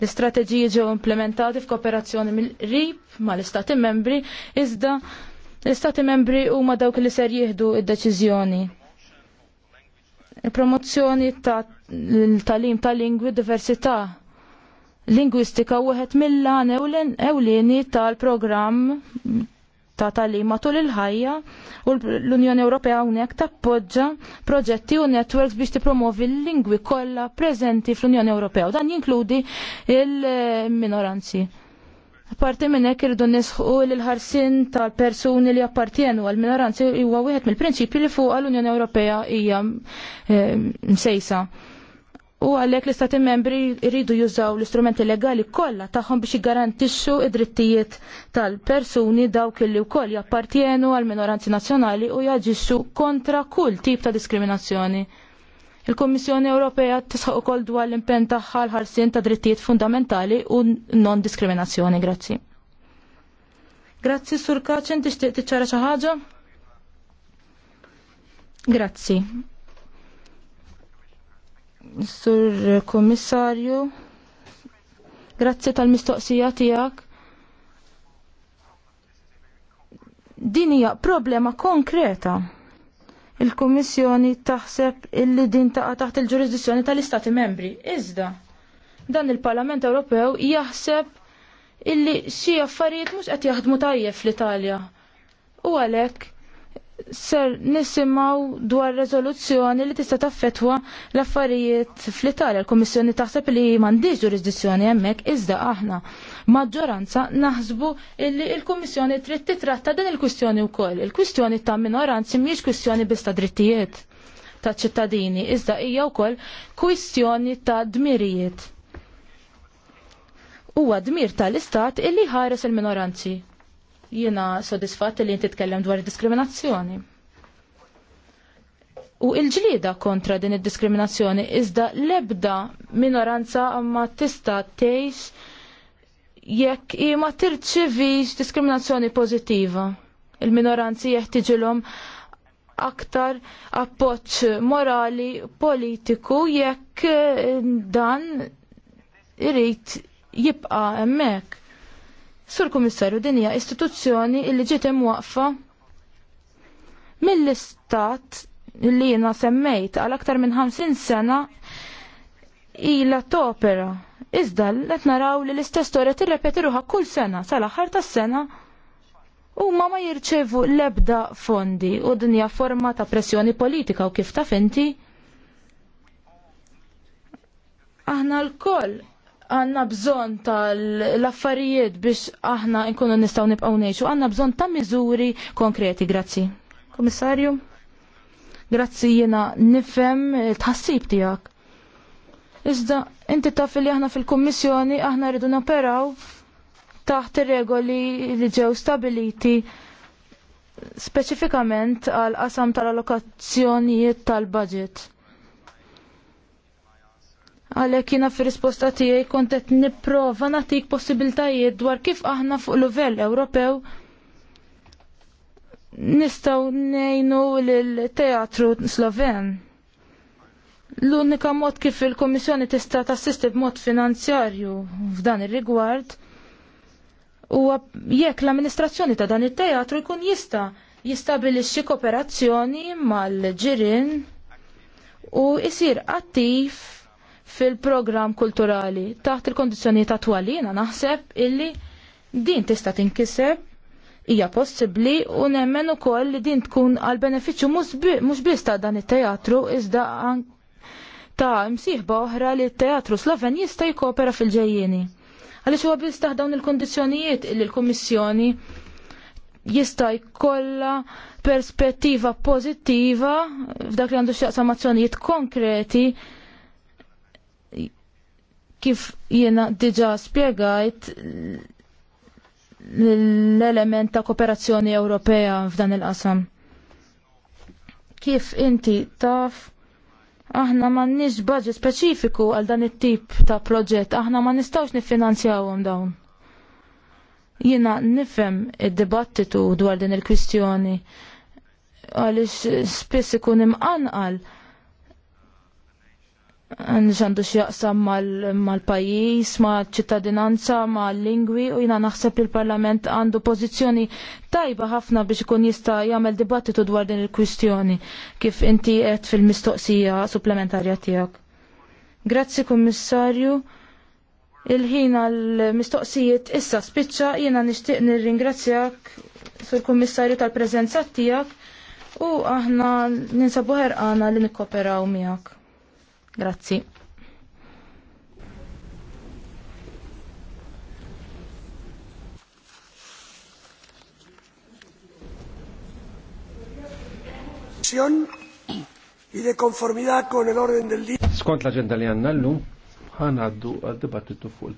L-istrateġiji ġew implementati f'kooperazzjoni mill ma mal-istati membri iżda l-istati membri huma dawk li ser jieħdu id-deċiżjoni. Il-promozzjoni tal talim tal-lingwi diversità lingwistika wieħed mill-lan ewlieni tal-programm ta' tal-lima tul il-ħajja u l-Unjoni Ewropea hawnhekk tappoġġa proġetti u networks biex tippromovi l-lingwi kollha preżenti fl-Unjoni Ewropea u dan jinkludi il-minoranzi. Parti minn hekk irridu nisħu l-ħarsin tal-persuni li appartjenu għal minoranzi huwa wieħed mill-prinċipji li fuq l-Unjoni Ewropea hija eh, msejsa u għalhekk l-istati membri jridu jużaw l-istrumenti legali kollha tagħhom biex jiggarantixxu id-drittijiet tal-persuni dawk li wkoll jappartienu għal minoranzi nazzjonali u jaġixxu kontra kull tip ta' diskriminazzjoni. Il-Kommissjoni Ewropea tisħaq ukoll dwar l-impenn tagħha l-ħarsien ta' drittijiet fundamentali u non-diskriminazzjoni. Grazzi. Grazzi Sur Kaċen tixtieq tiċċara xi ħaġa? Grazzi. Sur Komissarju, grazzi tal-mistoqsija tiegħek. Din hija problema konkreta. Il-Kummissjoni taħseb illi din taqa' taħt il-ġurisdizzjoni tal-Istati Membri. Iżda, dan il-Parlament Ewropew jaħseb illi xi affarijiet mhux qed jaħdmu tajjeb fl-Italja. U għalhekk ser nisimaw dwar rezoluzzjoni li tista' taffetwa l-affarijiet fl-Italja. L-Kummissjoni taħseb li m'għandix ġurisdizzjoni hemmhekk iżda aħna maġġoranza naħsbu li l-Kummissjoni trid titratta din il-kwistjoni wkoll. Il-kwistjoni ta' minoranzi mhijiex kwistjoni biss ta' drittijiet ta' ċittadini, iżda hija wkoll kwistjoni ta' dmirijiet. Huwa dmir tal-Istat illi ħares il-minoranzi Jiena sodisfat li jinti tkellem dwar diskriminazzjoni. U il-ġlida kontra din id-diskriminazzjoni iżda lebda minoranza ma tista tgħix jekk i ma tirċivix diskriminazzjoni pożittiva. Il-minoranzi jeħtiġilhom aktar appoċ morali politiku jekk eh, dan irrit jibqa emmek. Sur Kummissarju, din hija istituzzjoni li ġiet imwaqfa mill-istat li jiena semmejt għal aktar minn 50 sena ila topera. Iżda qed naraw li l-istess storja tirrepeti ruħha kull sena sal-aħħar tas-sena u ma ma jirċevu lebda fondi u dinja forma ta' pressjoni politika u kif taf inti. Aħna l-koll għanna bżon tal-affarijiet biex aħna nkunu nistaw nibqaw neċu, għanna bżon ta' miżuri konkreti, grazzi. Komissarju, grazzi jena nifem tħassib tijak. Iżda, inti taf li aħna fil-kommissjoni aħna rridu naperaw taħt regoli li ġew stabiliti speċifikament għal qasam tal-allokazzjonijiet tal-budget. Għalhekk jiena fir-risposta tiegħi kont qed nipprova nagħtik possibiltajiet dwar kif aħna fuq livell Ewropew nistgħu nejnu l teatru Sloven. L-unika mod kif il-Kommissjoni tista' tassisti b'mod finanzjarju f'dan ir-rigward u jekk l-amministrazzjoni ta' dan it-teatru jkun jista' jistabilixxi kooperazzjoni mal-ġirien u jsir attiv fil-programm kulturali taħt il kondizjoni ta' twalina naħseb illi din tista' tinkiseb hija possibbli u nemmen ukoll li din tkun għal benefiċċju mhux biss ta' dan it-teatru iżda ta' msieħba oħra li t-teatru sloven jista' jkopera fil-ġejjieni. Għaliex huwa biss taħt dawn il-kondizzjonijiet illi l-Kummissjoni jista' jkollha perspettiva pożittiva f'dak li għandu x'jaqsam konkreti Kif jiena diġa spiegajt l-element ta' kooperazzjoni Ewropea f'dan il-qasam. Kif inti taf aħna m'għandniex budget speċifiku għal dan it-tip ta' proġett, aħna ma nistgħux niffinanzjawhom dawn. Jiena nifhem id-dibattitu dwar din il-kwistjoni għaliex spiss ikun imqanqal għandu xjaqsam mal-pajis, mal ċittadinanza, mal-lingwi u jina naħseb li l-Parlament għandu pozizjoni tajba ħafna biex ikun jista jagħmel dibattitu dwar din il-kwistjoni kif inti qed fil-mistoqsija supplementarja tiegħek. Grazzi Kummissarju. Il-ħin għal-mistoqsijiet issa spiċċa jiena nixtieq nirringrazzjak sur kummissarju tal-preżenza tiegħek u aħna ninsabu ħerqana li nikkoperaw miegħek. Grazzi. i de conformità con l'ordine del día. Skont l-agenda li għanna l-lum, għanna għaddu għal-dibattitu fuq